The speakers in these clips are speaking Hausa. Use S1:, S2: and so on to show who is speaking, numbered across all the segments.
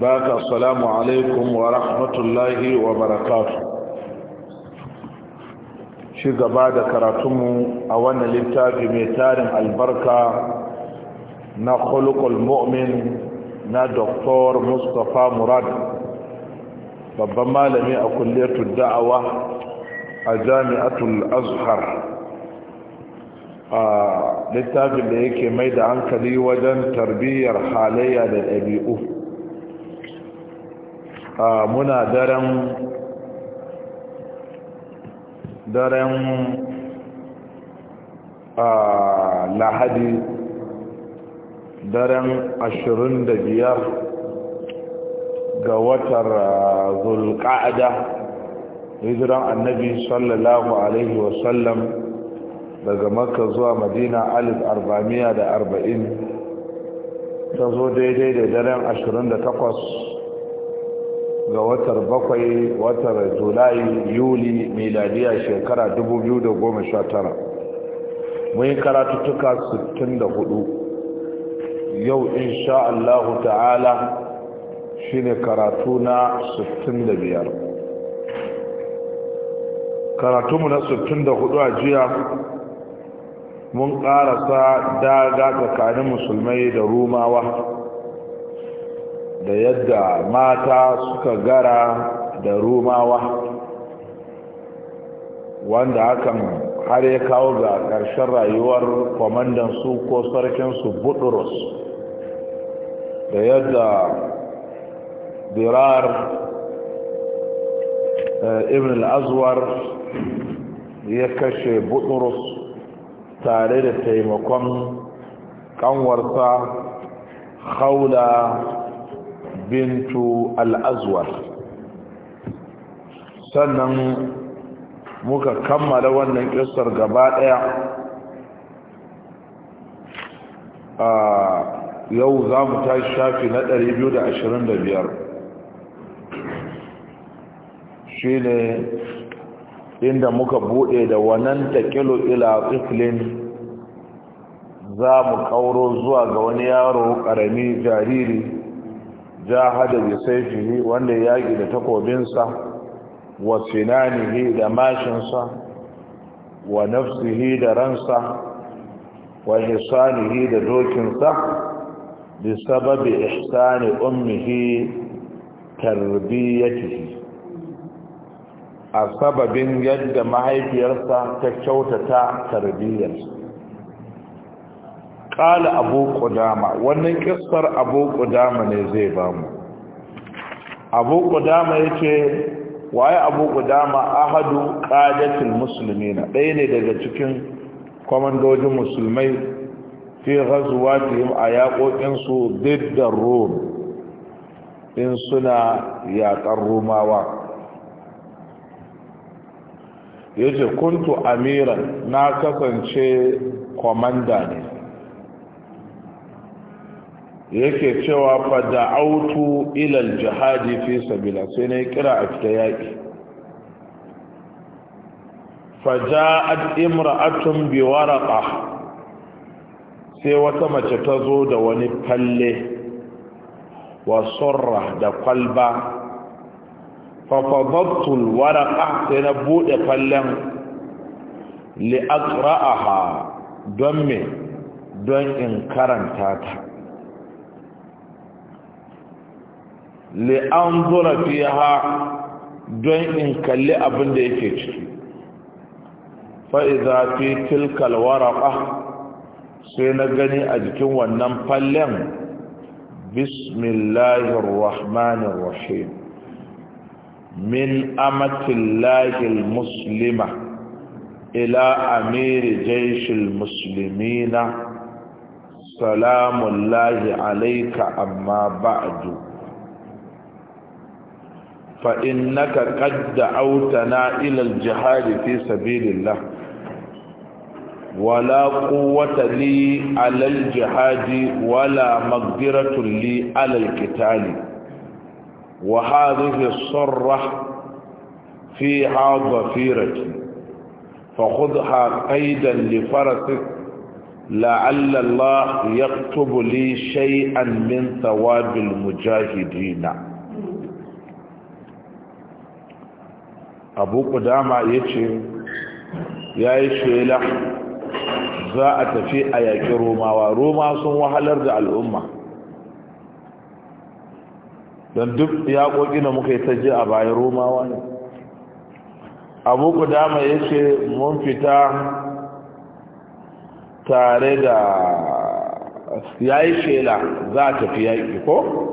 S1: بارك السلام عليكم ورحمة الله وبركاته شيء بعد كراتم أولا لنتاج ميتار البركة نخلق المؤمن نا دكتور مصطفى مراد ربما لم يأكل لية الدعوة أجامعة الأزهر آه، لنتاج ليكي ميد عنك وجن تربية رحالية للأبي أوف muna daren daren lahadi daren ashirin da biyar ga watar zulka'ada hijiran annabi sallallahu alaihi wasallam daga makka zuwa madina alif arba'amiya da arba'in ta zo daidai da daren ashirin da takwas ga watar bakwai watar julai yuli miladiya shekara 2019 mun yi karatuttuka 64 yau insha Allah ta'ala shine karatu na 65 karatunmu na 64 a jiya mun karasa daga tsakanin musulmai da rumawa da yadda mata suka gara da rumawa wanda hakan har ya kawo ga ƙarshen rayuwar kwamandan su ko sarkinsu buturus da yadda birar eh, ibn al'azwar ya kashe buturus tare da taimakon kanwarsa haula bintu al'azwar sannan muka kammala wannan kistar gaba ɗaya a yau za mu ta shafi na 225 shi ne inda muka bude da wannan taƙilu ila tsiflin za mu kauro zuwa ga wani yaro ƙarami jariri jahada bi sayfihi wanda ya yaki da takobinsa wa sinanihi da mashinsa wa nafsihi da ransa wa hisanihi da dokinsa bi sababi ihsani ummihi tarbiyatihi a sababin yadda mahaifiyarsa ta kyautata tarbiyyarsa ƙala abu ƙudama wannan ƙistar abu ƙudama ne zai ba mu abu ƙudama ya ce waye abu ƙudama ahadu ƙadatul musulmi na ɗaya ne daga cikin kwamandojin musulmai fi razuwa a yaƙoƙinsu diddar rom in suna yaƙar romawa ya ce kuntu amiran na kasance kwamanda ne yake cewa fa da'autu ila jihadi fi sabila sai ne kira a fita yaki fa ja'at imra'atun bi waraqa sai wata mace ta zo da wani falle wa surra da kwalba fa fadattu al-waraqa sai na buɗe fallen li aqra'aha don me don in karanta ta li'anzura ha don in kalli abin da yake ciki fa'iza fi tilkal waraka sai na gani a jikin wannan fallen bismillahir rahmanir rahim min amatillahil muslima ila amiri jaishil muslimina salamullahi alaika amma ba'du فإنك قد دعوتنا إلى الجهاد في سبيل الله ولا قوة لي على الجهاد ولا مقدرة لي على القتال وهذه الصرة فيها ظفيرة فخذها قيدا لفرسك لعل الله يكتب لي شيئا من ثواب المجاهدين abu kudama ya ce ya yi shela za a tafi a yaƙi romawa roma sun wahalar da al'umma don duk yaƙoƙi da muka yi ta je a bayan romawa ne abu kudama ya ce mun fita tare da ya yi shela za a tafi yaƙi ko?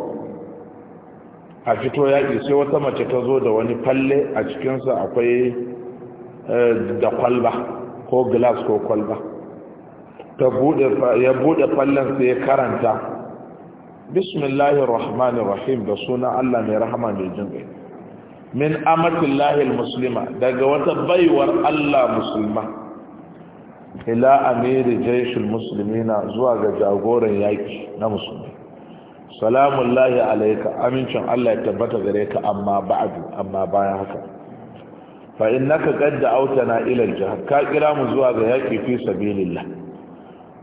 S1: a fito yaƙi sai wata mace ta zo da wani falle a cikinsa akwai eh, da kwalba ko glass ko kwalba ya buɗe fallen sai ya karanta bismillahir rahmanir rahim da suna allah mai rahama mai jin min amatillahi muslima daga wata baiwar allah musulma ila amiri jaishul na zuwa ga jagoran yaƙi na musulmi salamun lahi alaika amincin Allah ya tabbata gare ka amma ba'du amma bayan haka fa innaka qad na ila al-jihad ka kira mu zuwa ga yaki fi sabilillah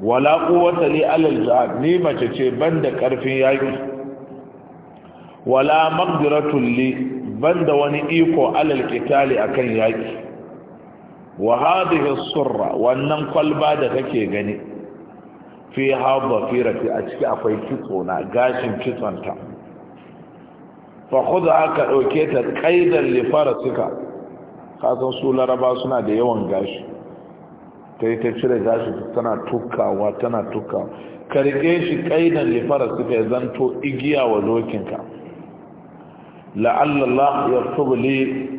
S1: wala quwwata li ala al-jihad ni mace ce banda karfin yaki wala maqdiratul li banda wani iko ala al-qitali akan yaki wa hadhihi as-surra wannan kwalba da kake gani fi haɓa rafi a ciki akwai kitso na gashin kitsonta fa da aka ɗauke ta ƙaidar lifara suka kasan su laraba suna da yawan gashi ta yi ta cire gashi tana tukawa tana ka riƙe shi ƙaidar lifara suka ya zanto igiya wa dokinka la'allallah ya tubuli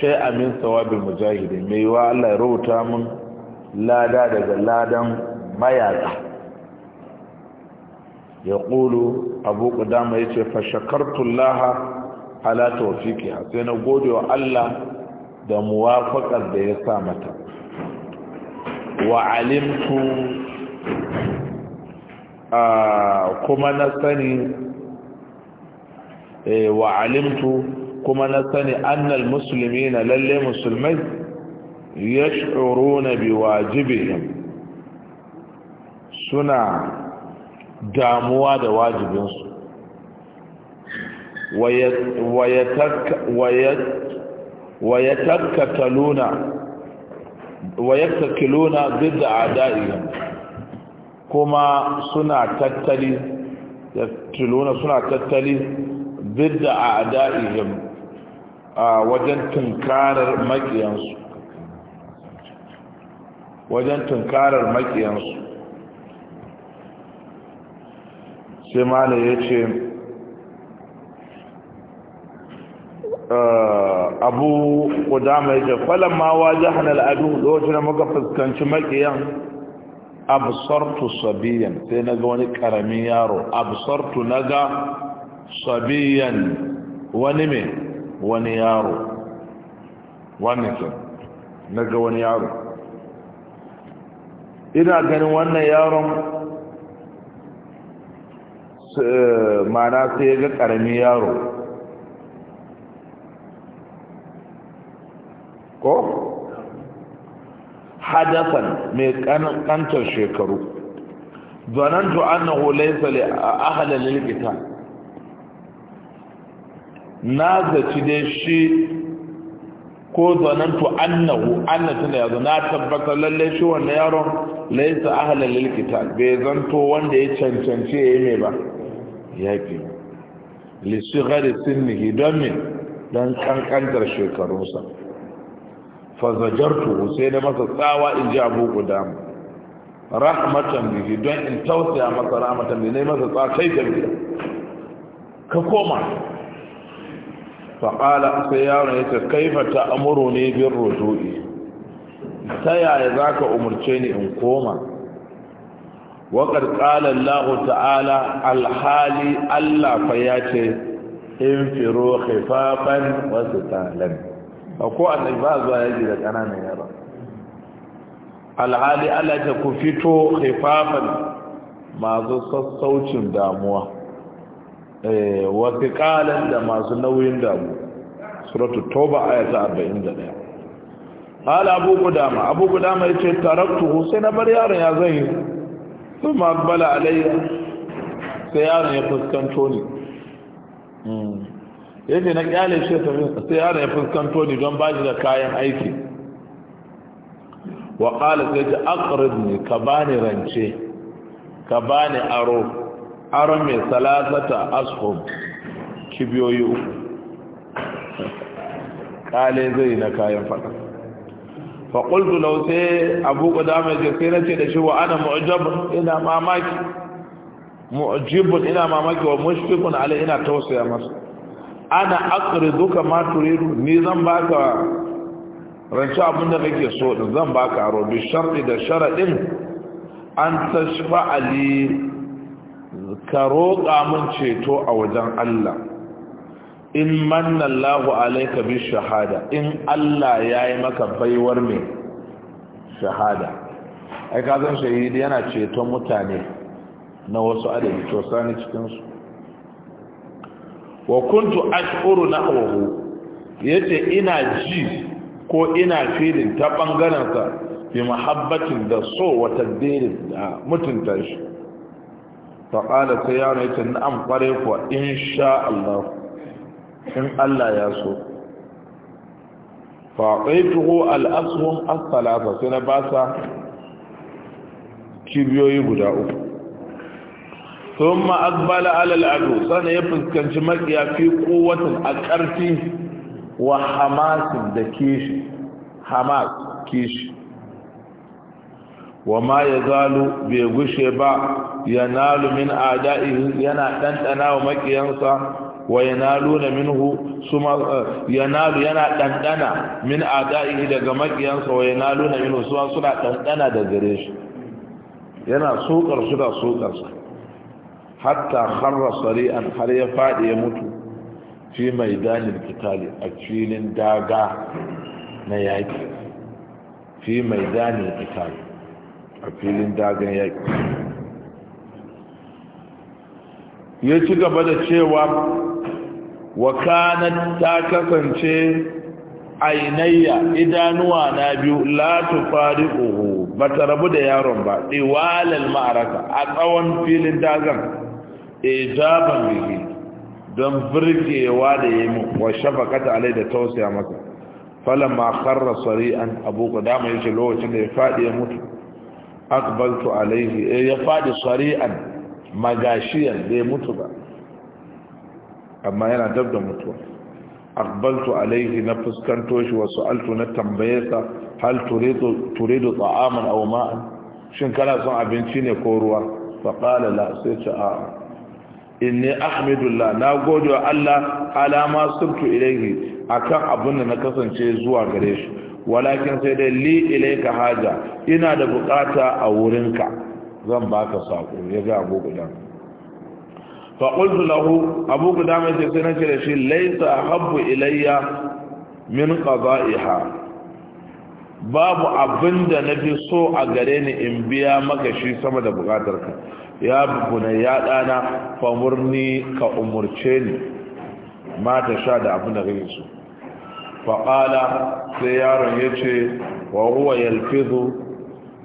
S1: shai'a min sawabin mujahidin mai wa allah ya rubuta mun lada daga ladan mayaka ya ƙulu abu ƙudama ya ce wa ala a sai na gode wa Allah da muwafakar da ya sa mata wa alimtu kuma na sani wa alimtu kuma na sani annal musulmi na lalle musulmai ya shuru na biwajibihim suna damuwa da wajibinsu wayattakiluna duk da ada'iyin kuma suna tattali tiluna suna tattali duk da ada'iyin a wajen tunkarar makiyansu wajen tunkarar makiyansu sai mala ya ce ah, abu kuda mai ce falon ma wa jihar al'adu lokacin da muka fuskanci makiyan absortu sabiyan sai na ga wani karamin yaro absortu na ga sabiyan wani mai wani yaro wannan ke na ga wani yaro ina ganin wannan yaron Eh, mana sai ga ƙarami yaro ko hadasan mai ƙantar shekaru zanantu annahu laysa li ahli lilqital na zaci dai shi ko zanantu annahu annatu ne yanzu na tabbatar lalle shi wannan yaron laysa ahli lilqital bai zanto wanda ya cancanci yayi mai ba yaƙi sun nihi don min don kankantar shekarunsa fazajartu sai na masa tsawa in ji abu guda rahmatan bihi don in tausaya masa rahmatan bihi ne masa tsawa kai da biya ka koma faƙala sai yaron ya ce kaifa ta amuru ne bin rojo'i ta yaya za ka umarce ni in koma waƙar ƙalar lahu ta'ala alhali Allah fa ya ce in firo haifafan wasu talan a ko annai ba zuwa yaji da ƙananan yara alhali Allah ta ku fito haifafan masu sassaucin damuwa wasu ƙalan da masu nauyin damuwa suratu toba Abubu dama قال أبو قدامة أبو قدامة يقول تركته سنبر يارا يا زين sun bala alayya sai yaron ya fuskanto ni hmm. yadda na kyale shi sai yaron ya fuskanto ni don baji da kayan aiki wa ƙala sai ta akarar ne ka bani rance ka bani aro aro mai salasata ashom kibiyoyi uku ƙale zai na kayan fata fa qultu law sai abu qudama ya sai nace da shi wa ana mu'jab ina mamaki ina wa mushfiqun alai ina tausaya masa ana aqriduka ma turidu ni zan baka rance abin da kake so zan baka aro bi sharti da sharaɗin. an tashfa ali ka roƙa min ceto a wajen Allah in manna Allahu alayka bi shahada in Allah yayi maka baiwar mai shahada ai ka shahidi yana ceton mutane na wasu adadi to sani cikin su wa kuntu ash'uru nahwahu yace ina ji ko ina filin ta bangaren ka bi mahabbatin da so wa tadbirin da mutunta shi fa qala sayyana yace na'am kware kuwa insha Allah in Allah ya so faɗaituhu al'asuhun asalafa sai na basa kibiyoyi guda uku ala al-adu sana ya fuskanci makiya fi quwwatin a ƙarfi wa hamasin da kishi hamas kishi wa ma ya zalu bai gushe ba ya min a'da'ihi yana ɗanɗana wa makiyansa wa yanaluna minhu suma eh, yanalu yana dandana min adaihi daga makiyansa wa yanaluna minhu suma suna dandana da gare shi yana sokar su da sokar sa hatta kharra sari'an har ya fadi ya mutu fi maidanin kitali a filin daga na yaki fi maidanin kitali a filin dagan yaki ya ci gaba da cewa wa kanat ta kasance ainayya idanuwa na biyu la tufariquhu bata rabu da yaron ba diwalal ma'araka a tsawon filin dagan ijaban bihi don birgewa da yi mu wa shafakata alai da tausaya masa falamma kharra sari'an abu qadama yace lokacin da ya fadi ya mutu akbaltu alaihi eh, ya fadi sari'an magashiyan ya mutu ba amma yana dab da mutuwa aqbaltu alayhi na fuskanto shi wa su'altu na tambaye sa hal turidu turidu ta'aman shin kana son abinci ne ko ruwa fa la sai ce a inni ahmedullah na gode wa Allah alama ma ilaihi a akan abin da na kasance zuwa gare shi walakin sai dai li ilayka haja ina da bukata a wurinka zan baka sako ya ga gogudan faƙultu lahu abu guda sai na da shi laisa habbu ilayya min qada'iha babu abin da na fi so a gare ni in biya maka shi sama da bukatarka ya bukuna ya ɗana famurni ka umurce ni mata sha da abin da kake so faƙala sai yaron ya ce wa huwa yalfizu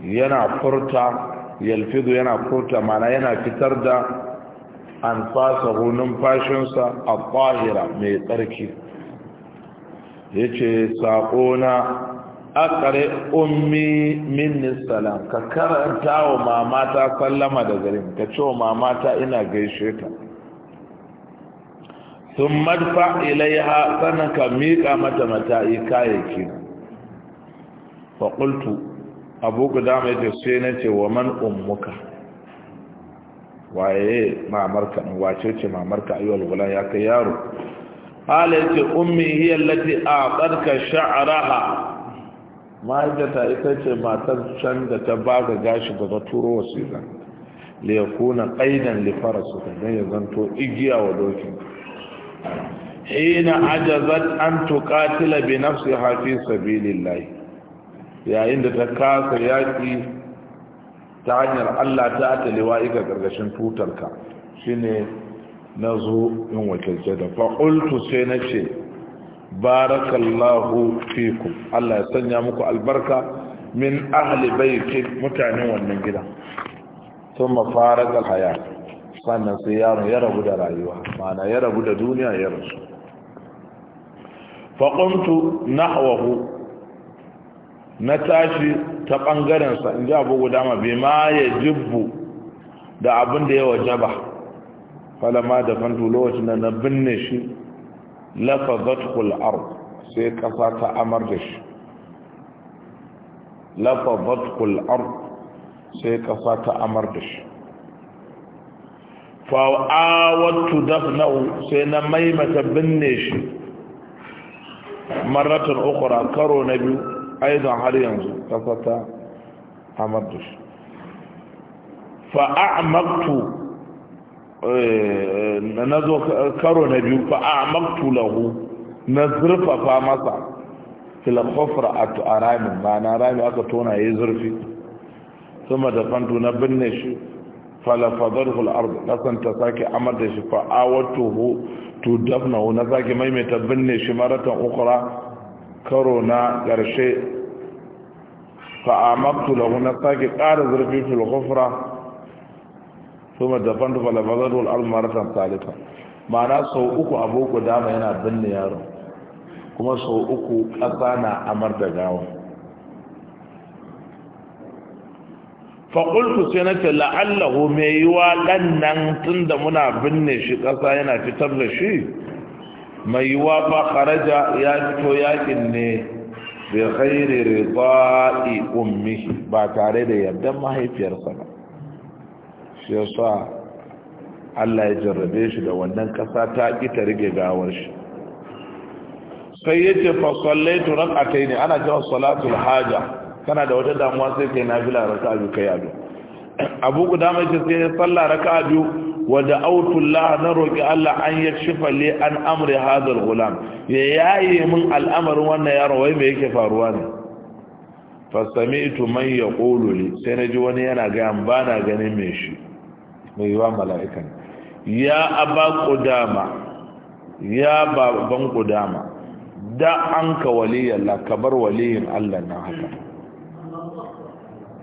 S1: yana furta yalfidu yana furta mana yana fitar da an fasa hunin fashinsa a ƙwahira mai tsarki ya ce saƙona a ƙare ummi minni ka karanta wa mamata sallama da garin ka ce wa mamata ina gaishe ta sun madfa ilaiha sannan ka miƙa mata mata'i kayayyaki faƙultu abu guda mai ce sai na ce wa man ummuka waye mamarka wace ce mamarka ayyul gulam ya kai yaro qala yace ummi hiya allati aqadka sha'raha mahaifiyata ita ce matar can da ta baga gashi daga turo wasiƙa li yakuna qaidan li farasika dan ya zanto igiya wa dokin hina ajazat an tuqatila bi nafsiha fi sabilillah yayin da ta kasa yaki ta hanyar Allah ta ta liwa'i ga gargashin tutarka shine na zo in wakilce da faƙultu sai na ce barakallahu fiku Allah ya sanya muku albarka min ahli baiti mutanen wannan gida sun mafarar alhaya sannan sai yaron ya rabu da rayuwa mana ya rabu da duniya ya rasu na nahwahu na tashi ta ɓangarensa in ji abu guda ma bai ma ya jibbu da abin da ya waje ba falama da fantu lokacin da na binne shi lafa zatkul arz sai ƙasa ta amar da shi lafa zatkul arz sai ƙasa ta amar da shi fa'awattu dafna'u sai na maimata binne shi maratar ukura karo na biyu aidan har yanzu kasata amar da shi fa'a'amaktu na zo karo na biyu fa'a'amaktu lahu na zurfafa masa filakofar a ramin ba na rami aka tona ya yi zurfi sama da fanto na binne shi falafadar hul'ar kasan ta sake amar da shi fa'awar tuhu tu dafna na sake maimaita binne shi maratan ukura karo na ƙarshe fa'amaktu lahu na sake ƙara zurfi fil khufra kuma daban da falafazarul almaratan salita ma'ana sau uku abu dama yana binne yaro kuma sau uku ƙasa na amar da gawa faƙultu sai na ce la'allahu mai yiwa ɗan nan tun da muna binne shi ƙasa yana fitar da shi mai yiwuwa fa kharaja ya fito yakin ne bi khairi rida'i ummihi ba tare da yarda mahaifiyarsa ba shi yasa Allah ya jarrabe shi da wannan kasa ta ki ta rige gawar shi sai yace fa sallaitu ne ana cewa salatul haja kana da wata damuwa sai kai nafila raka'a biyu kai ado abu guda mai ce sai sallah raka'a biyu wa da'awtu Allah na roƙi Allah an yi li an amri hadal gulam ya yayi min al'amarin wannan yaro wai me yake faruwa ne fasami'tu man yaqulu li sai ji wani yana gaya ba na ganin me shi mai yiwa mala'ikan ya aba ya baban qudama da an ka waliyalla bar waliyyin Allah na haka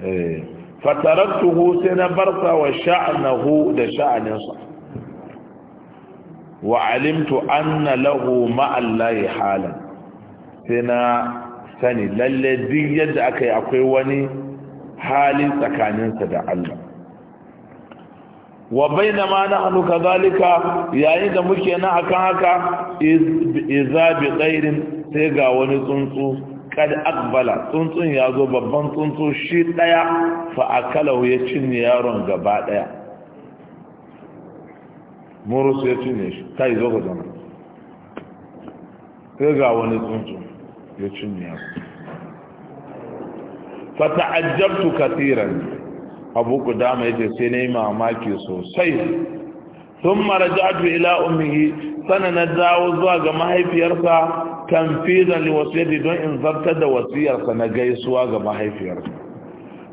S1: eh fatarattuhu sai na barsa wa sha'nahu da sha'aninsa wa alimtu anna lahu ma'allahi halan sai na sani lalle duk yadda aka yi akwai wani hali tsakaninsa da Allah wa bainama nahnu zalika, yayin da muke na akan haka izabi bi sai ga wani tsuntsu kad akbala tsuntsun ya zo babban tsuntsu shi ɗaya fa akalahu ya cinye yaron gaba ɗaya murus ya cinye shi kai zo ka zama sai ga wani tsuntsu ya cinye ya fa ta'ajjabtu katiran abu kudama yace sai nayi mamaki sosai thumma raja'tu ila ummihi sanana dawo zuwa ga mahaifiyarsa tanfizan li wasiyati don in zartar da wasiyarsa na gaisuwa ga mahaifiyarsa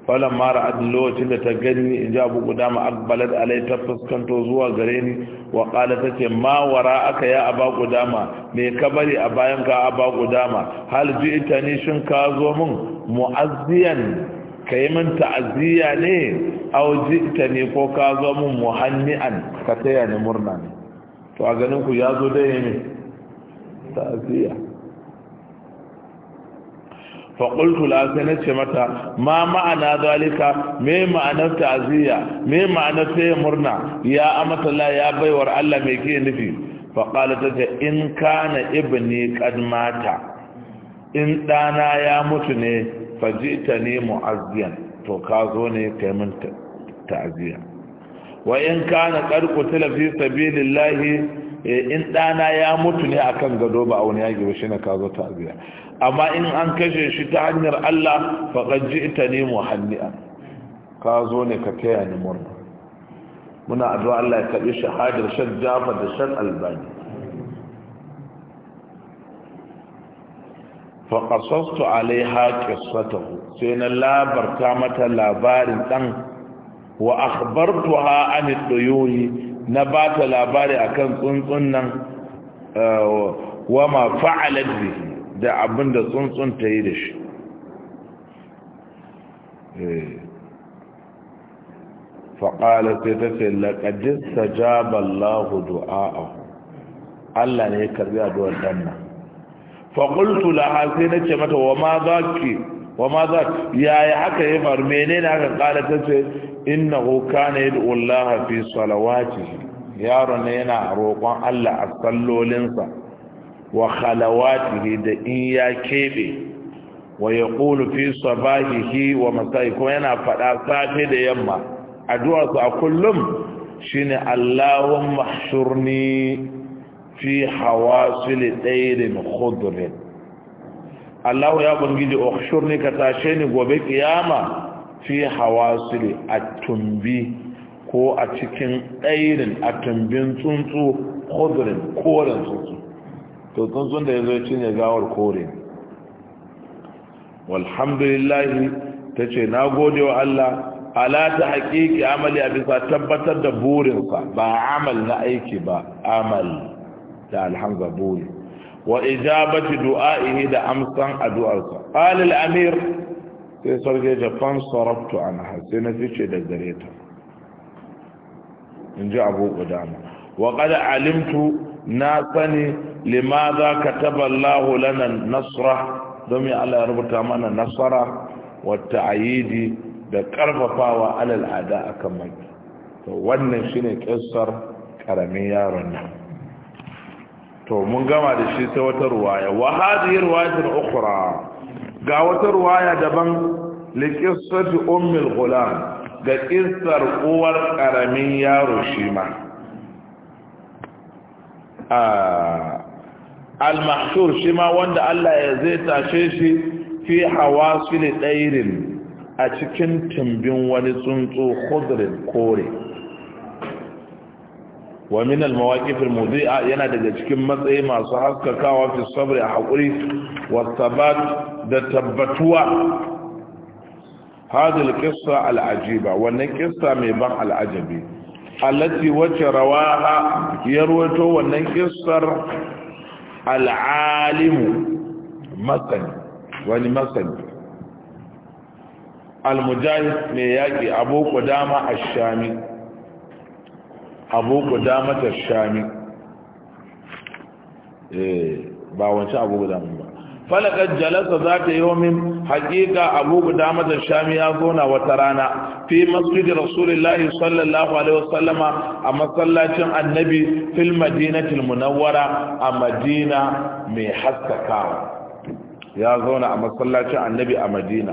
S1: falan mara adin lokacin da ta gani in ji abu guda ma akbalat alai ta fuskanto zuwa gare ni wa kala ta ce ma wara aka ya aba guda ma me ka bari a bayan ka aba guda ma hal ji itani shin ka zo min mu'azziyan ka yi min ta'aziyya ne au ji itani ne ko ka zo mun muhanni'an ka taya ni murna ne to a ganin ku ya zo da ne ta'aziyya faƙultu la na ce mata ma ma'ana zalika me ma'anar ta'aziyya me ma'anar taya murna ya amatala ya baiwar Allah mai ke nufi faƙala ta in kana ibni kad in ɗana ya mutu ne fajita ne mu'azziyan to ka zo ne kai min ta'aziyya wa in kana qad qutila fi sabilillahi Eh, in ɗana ya mutu ne akan gado ba a wani yaƙi ba shi shine ka zo ta'aziyya amma in an kashe shi ta hanyar Allah faqad ji'ta ni muhanni'an ka zo ne ka taya ni murna muna addu'a Allah ya karbi shahadar shan Jafar da Sheikh Albani fa qasastu alaiha qissatahu sai na labarta mata labarin ɗan. wa akhbartuha an ad-duyuni na ba ta labari akan tsuntsun nan eh, wa ma fa'alat da abin da tsuntsun ta yi da shi eh. faƙala sai ta ce laƙadis ta ja ballahu Allah ne ya karbi a duwar nan. faƙultu laha sai na ce mata wa ma za ki wa ma za yaya haka ya faru menene haka kala ta ce inna na yad'u Allah fi salawatihi yaron ne yana roƙon Allah a sallolinsa wa khalawatihi da in ya kebe wa ƙulu fi sabahihi wa masai kuma yana faɗa safe da yamma addu'arsa a kullum shine allahun hshurni fi hawasil dairin khudrin Allahu ya bangiji ukhshur ni ka tashe ni gobe kiyama fi hawasili tumbi ko a cikin ɗairin tumbin tsuntsu khudrin koren tsuntsu to tsuntsun da yazo cinye gawar kore ce tace gode wa Allah ala ta haƙiƙi amali a bisa tabbatar da burinsa ba amal na aiki ba amal da alhamza wa ijabati du'a'ihi da amsan addu'arsa qala al-amir sai sarki ya fan sarabtu anha na fice da dare ta inji abu qudama wa qad alimtu na sani limadha kataba Allah lana nasra domin Allah ya rubuta mana nasara wa ta'yidi da karfafawa alal ada akan maki to wannan shine kissar karamin yaron nan to mun gama da shi sai wata ruwaya wa hadhihi ruwayatun ukhra ga wata ruwaya daban li qissati ummi al-ghulam ga qissar uwar karamin yaro shi ma al-mahshur shi ma wanda Allah ya zai tashe shi fi hawasil dairin a cikin tumbin wani tsuntsu khudrin kore ومن المواقف المضيئة ينا تجكم مزئي ما صحبك كاوة في الصبر أحقري والثبات دتبتوا هذه القصة العجيبة وانا قصة ميبان العجبي التي وجه رواها يروتو وانا قصة العالم مثل وانا مثل المجاهد مياكي أبو وداما الشامي abu gudamatar shami eh, ba wancan abu mun ba falakar jalasa za ta yi homin hakika abu gudamatar shami ya zona wata rana fi masjid rasulullahi sallallahu alaihi wasallama a masallacin annabi fil madinatul munawwara a madina mai haskaka. ya zauna a masallacin annabi a madina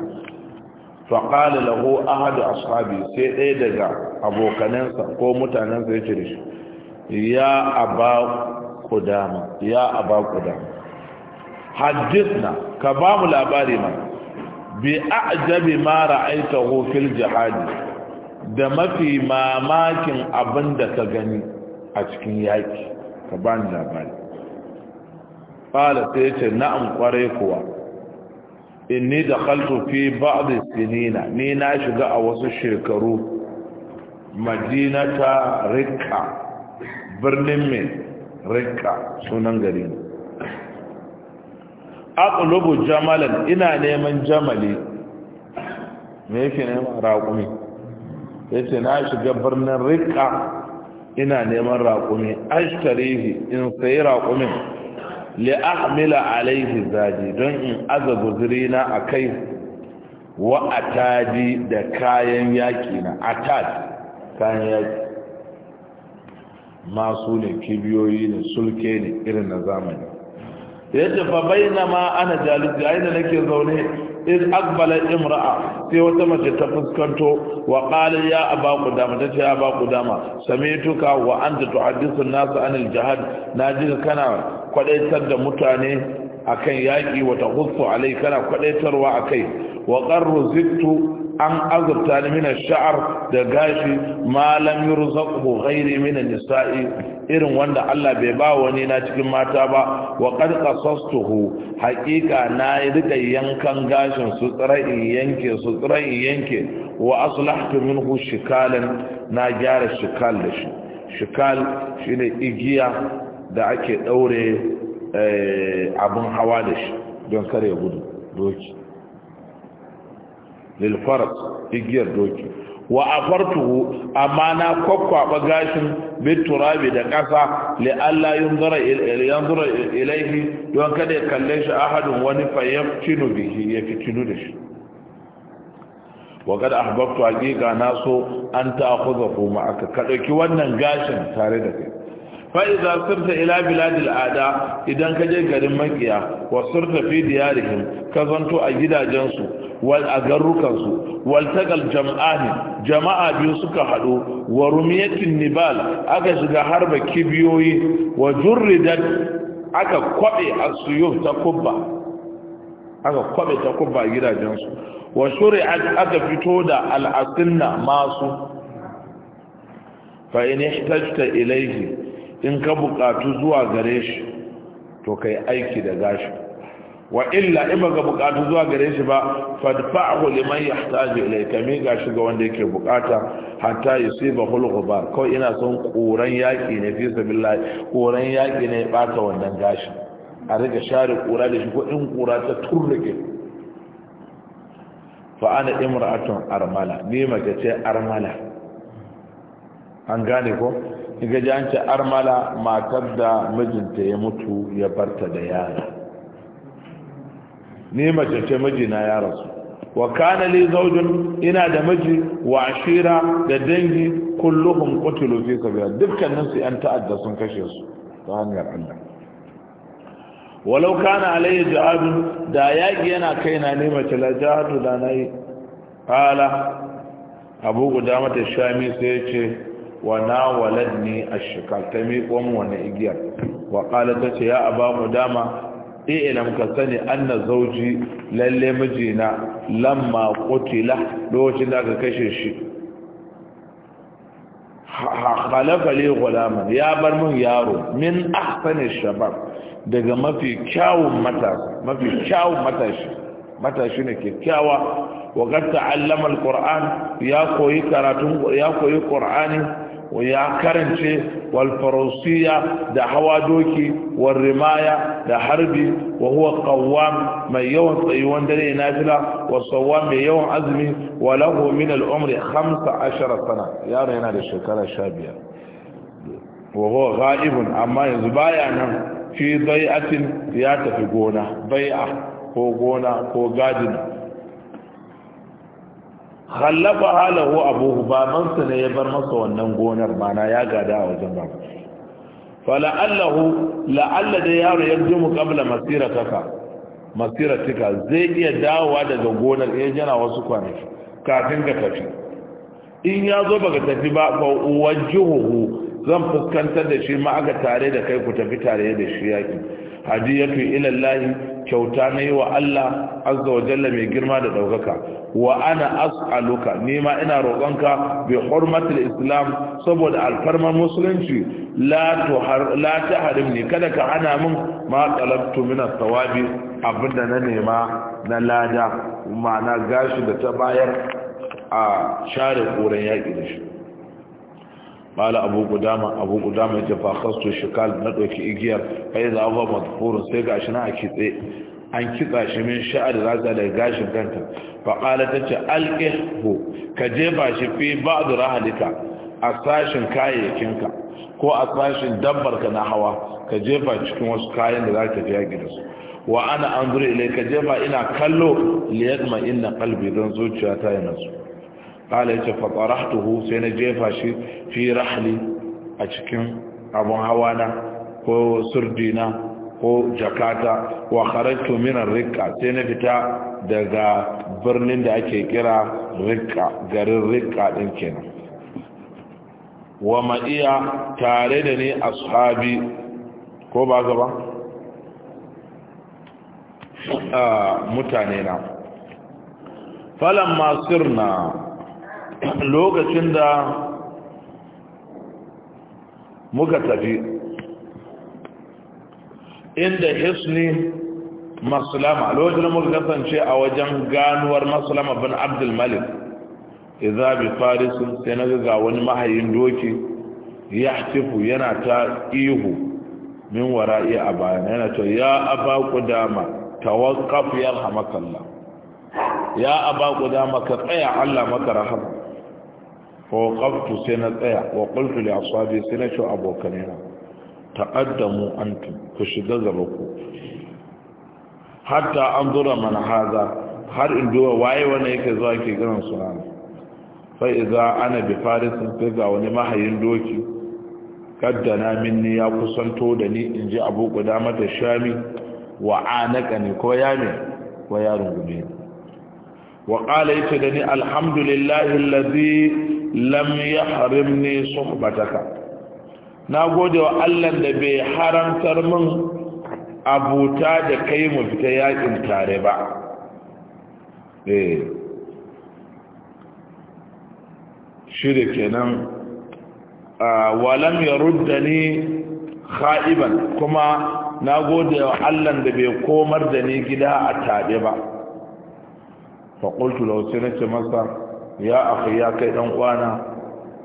S1: faƙali lahu ahadu ashabi sai ɗaya daga abokanansa ko mutanensa ya ce shi ya aba kudama ya aba kudama ka ba mu labari ma bi a'jabi ma ra'aytahu fil jihad da mafi mamakin abin da ka gani a cikin yaki ka ba ni labari qala sai ce na'am ƙwarai kuwa inni da kaltu fi ba'adis sinina ni na shiga a wasu shekaru madinata rikka birnin mai rikka sunan gari aqlubu jamalan ina neman jamali me yake neman raƙumi yace na shiga birnin rikka ina neman raƙumi ashtarihi in sayi raƙumin li li'ahmila alaihi zaji don in aza guzurina a kai wa ataji da kayan yaki na atad kayan yaki masu ne kibiyoyi ne sulke ne irin na zamani yadda fa bai ma ana jalisi aina nake zaune iz aqbala imra'a sai wata mace ta fuskanto wa qala ya aba qudama tace ya aba qudama samituka wa anta tuhaddithu an-nas an al-jihad naji kana kwadaitar da mutane akan yaƙi wata hutu alai kana kwadaitarwa akai wa qarru zittu an azurta ni mina sha'ar da gashi malam yurzaqu ghairi min nisa'i irin wanda Allah bai ba wani na cikin mata ba wa qad qasastuhu haqiqa na rika yankan gashin su tsirai yanke su tsirai yanke wa aslahtu minhu shikalan na gyara shikal da shi shikal shine igiya da ake daure eh, abun hawa da shi don kare gudu doki lil faras igiyar doki wa afartuhu amma na kwakwaba gashin biturabi da ƙasa li Allah yanzura ilaihi don kada ya kalle shi a ahadun wani fayyafcinu bihi ya fitinu da shi wa kada ahbabtu na so an ta'khudha kuma aka ka dauki wannan gashin tare da kai fa'iza sirta ila biladil ada idan ka je garin makiya wa sirta fi diyarihim ka zanto a gidajensu wal a garukansu wal tagal jama'a biyu suka haɗu wa rumiyatin nibal aka shiga harba kibiyoyi wa jurridat aka kwabe a ta kubba aka ta kubba wa shuri'at aka fito da al'asinna masu fa in ihtajta ilayhi in ka buƙatu zuwa gare shi to kai aiki da gashi wa illa in baka buƙatu zuwa gare shi ba fadfa'hu liman yahtaju ilayka mi gashi ga wanda yake buƙata hatta yusiba hulghubar ko ina son koran yaki ne fi sabilillah koran yaki ne bata wannan gashi a riga share kura da shi ko in kura ta turrike fa ana imra'atun armala ni mace ce armala an gane ko ga janci armala matar da mijinta ya mutu ya barta da yara ni mace ce mijina ya rasu wa kana li zawjun ina da miji wa ashira da dangi kulluhum qutilu fi sabila dukkanin su an ta'adda sun kashe su ta hanyar Allah walau kana alayya da yaki yana kaina ne mace la jihadu da nayi Ala, abu gudamata shami sai ya ce وناولني الشكال تمي ومونا إجيا وقالت يا أبا مداما إيه لم تسني أن زوجي للي مجينا لما قتل لوجنا كششي خلف لي غلاما يا برمو يارو من أحسن الشباب دغ ما في كاو متى ما في كاو متى متى شنو كاو وقد تعلم القران يا كوي كراتون يا كوي قراني ya karance walfarusiya da hawa doki warrimaya da harbi wa huwa qawwam mai yawan tsayuwar dare na fila wa mai yawan azumi wa lahu min al-umri 15 sana yaro yana da shekara biyar wa huwa ghaibun amma yanzu baya nan fi bai'atin ya tafi gona bai'a ko gona ko gadin khallafa halahu abuhu sa ne ya bar masa wannan gonar mana ya gada a wajen allahu la alla da yaro ya mu kabla masirataka masiratika zai iya dawowa daga gonar ya jana wasu kwanaki kafin ka tafi in ya zo baka tafi ba ba wajihuhu zan fuskantar da shi ma aka tare da kai ku tafi tare da shi yaki hadiyatu ila Allah kyauta na yi wa Allah azza wa jalla mai girma da ɗaukaka wa ana as'aluka nima ina roƙonka bi hurmatul islam saboda alfarmar musulunci la ta harim ne kada ka hana min ma qalabtu min as-sawabi abinda na nema na lada ma'ana gashi da ta bayar a share koren yaƙi da shi mala abu gudama abu gudama ya fa khastu shikal na ɗauki igiyar fa za huwa madfurun sai gashi na a kitse an kitsa shi min sha'ar raza daga gashin kanta fa qala tace alqihu ka jefa shi fi ba'd rahalika a sashin ka ko a sashin dabbarka na hawa ka jefa cikin wasu kayan da zaka je gidansu wa ana ilai ka jefa ina kallo liyadma inna qalbi don ta yana so qala yace fa qarahtuhu sai na jefa shi fi a cikin abun hawa na ko surdina ko jakata wa kharajtu min ar-rikka sai na fita daga birnin da ake kira rikka garin rikka din kenan wa ma'iya tare da ni ashabi ko ba gaba mutane na falon masir na lokacin da muka tafi inda hisni maslama lokacin da muka kasance a wajen ganuwar maslama bin abdul malik idza bi faris sai na ga wani mahayin doki ya tifu yana ta ihu min wara'i a bayan yana to ya aba kudama tawaqqaf yarhamakallah ya aba kudama ka tsaya Allah maka rahama fa waqaftu sai na tsaya wa qultu li ashabi sai na ce abokanina taqaddamu antum ku shiga gaba ku hatta anzura man hadha har in duba waye wani yake zuwa ke ganin sunan fa idza ana bi faris sai ga wani mahayin doki kaddana minni ya kusanto da ni in ji abu guda mata shami wa anaka ne ko ya ne wa ya rungume wa qala yace da ni alhamdulillahi lam ne suhbataka na gode wa Allah da bai haramtar min abuta da kai mu fita yakin tare ba eh shirye kenan walam ya rudda ni kha'iban kuma na gode wa Allah da bai komar da ni gida a tabe ba faƙultu da wasu ce masa ya akhi ya kai dan uwana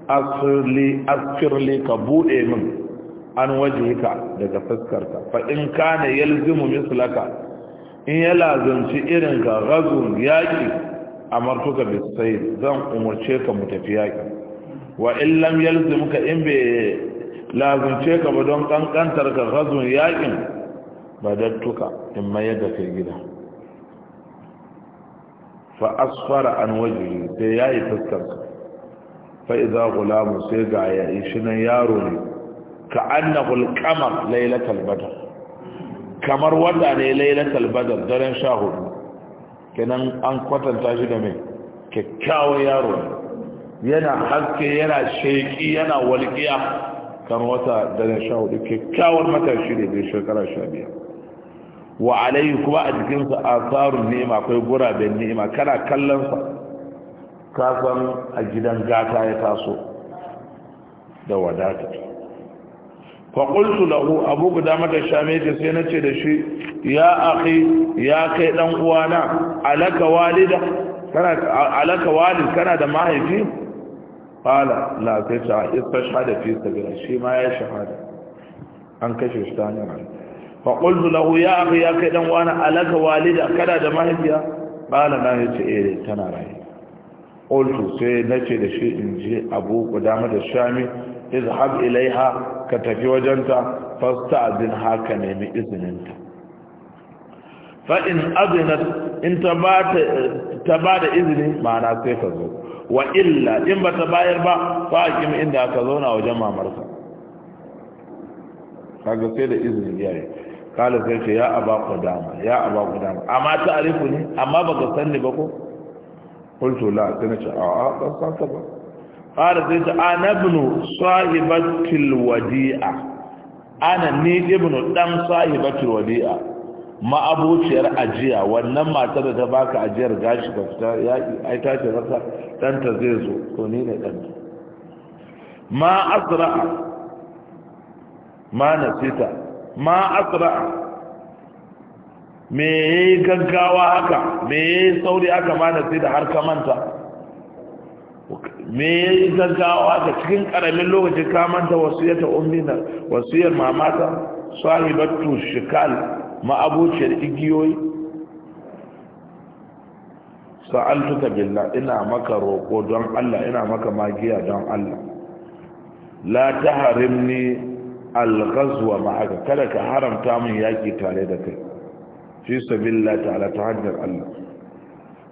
S1: asirli ka bude min an wajeka daga fuskarka fa in kana yalzimu mislaka in ya lazanci irin ga gazun yaƙi a martuka bisai zan umarce ka mu tafi yaƙi wa in lam yalzim in bai lazance ka ba don ƙanƙantar ka ragun yaƙin ba dattuka in mayar da kai gida fa asfara an waje sai ya yi fuskarsa fa gulamu sai ga ya shi nan yaro ne ka annahul qamar lailatul badr kamar wanda ne lailatul badr daren sha hudu. kenan an kwatanta shi da mai kyakkyawan yaro ne. yana haske yana sheki yana walƙiya kan wata daren sha hudu. kyakkyawan matashi ne bai shekara 15 wa alayhi kuma a jikinsa asarun nema akwai guraben nema kana kallon sa ka san a gidan gata ya taso da wadata fa qultu lahu abu guda mata shame ta sai nace da shi ya akhi ya kai dan uwana alaka walida kana alaka walid kana da mahaifi qala la sai ta istashhada fi sabila shi ma ya shahada an kashe shi ta hanyar fa qultu lahu ya akhi ya kai dan wani alaka walida kada da mahaifiya bala na yace eh tana raye qultu sai nace da shi in je abu kudama da shami izhab ilaiha ka tafi wajenta fasta'din haka nemi izininta fa in azinat in ta ba da izini ma'ana sai ka zo wa illa in ba ta bayar ba fa kim inda ka zauna wajen mamarka kaga sai da izini yayi kala sai ce ya aba dama ya aba dama amma arifu ne amma baka san ni ba ko qultu la tana ce a a ka san ta ba kala sai ce ana ibnu sahibatil wadi'a ana ni ibnu dan sahibatil wadi'a ma'abociyar ajiya wannan matar da ta baka ajiyar gashi ka fita ya ai ta ce dan ta zai zo to ni ne dan ma asra ma nasita ma asra me yayi gaggawa haka me yayi sauri haka ma da sai da har ka manta me yayi gaggawa da cikin karamin lokacin ka manta wasiyata ummina wasiyar mamata sahibatu shikal ma abuciyar igiyoyi sa'altuka billah ina maka roƙo don Allah ina maka magiya don Allah la tahrimni alghazwa ma'aka kada ka haramta min yaki tare da kai fi sabilillah ta'ala ta hanyar Allah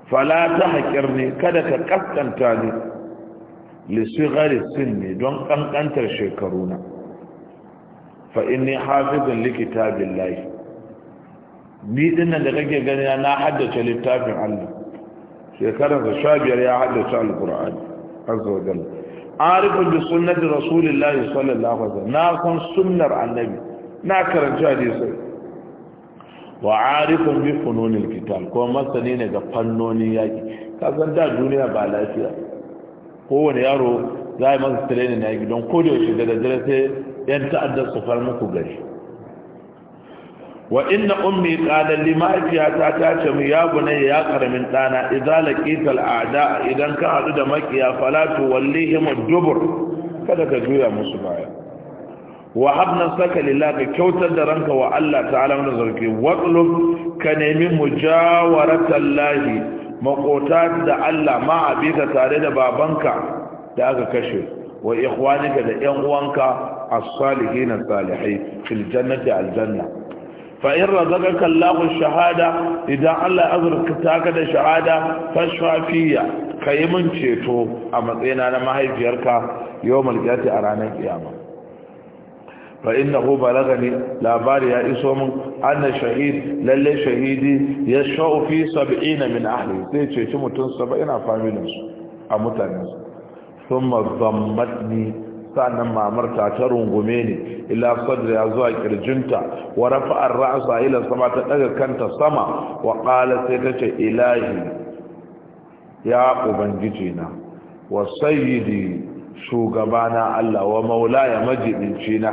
S1: fala tahqirni kada ka kaskanta ni li sighari sinni don kankantar shekaruna fa inni hafizun li kitabillah ni dinnan da kake gani na haddace littafin Allah shekarar da sha biyar ya haddace alqur'ani azza wa jalla arifun bi sunnati rasulillahi sallallahu alaihi wasallam na san sunnar annabi na karanci hadisi wa arifun bi fununil qital masani ne ga fannoni yaki ka da duniya ba lafiya kowane yaro za a yi masa training na yaki don ko da yaushe da dare sai yan ta'adda su far muku gari wa inna ummi qala li mahaifiyata ta ce mu ya bunayya ya karamin dana idza laqita al a'da idan ka hadu da makiya fala tu wallihim dubur kada ka juya musu baya wa habna saka lillah ka kyautar da ranka wa Allah ta'ala mun zarki waqlub ka nemi mujawaratallahi maqota da Allah ma abika tare da babanka da aka kashe wa ikhwanika da yan uwanka as-salihin salihai fil jannati al-janna fa in kalla Allahu shahada idan Allah ya azurka ka da shahada fashfa fiya kai min ceto a matsayina na mahaifiyarka yawmal qiyati a ranar kiyama fa innahu balagani labari ya iso mun anna shahid lalle shahidi yashau fi 70 min ahli zai ceci mutum 70 a familin su a mutanen su thumma dhammatni sa'annan mamarta ta rungume ne ila ya zuwa kirjinta wa rafa'ar ra'sa ila sama ta daga kanta sama wa qala sai ta ce ilahi ya ubangiji na wa sayyidi shugabana Allah wa maulaya majibinci na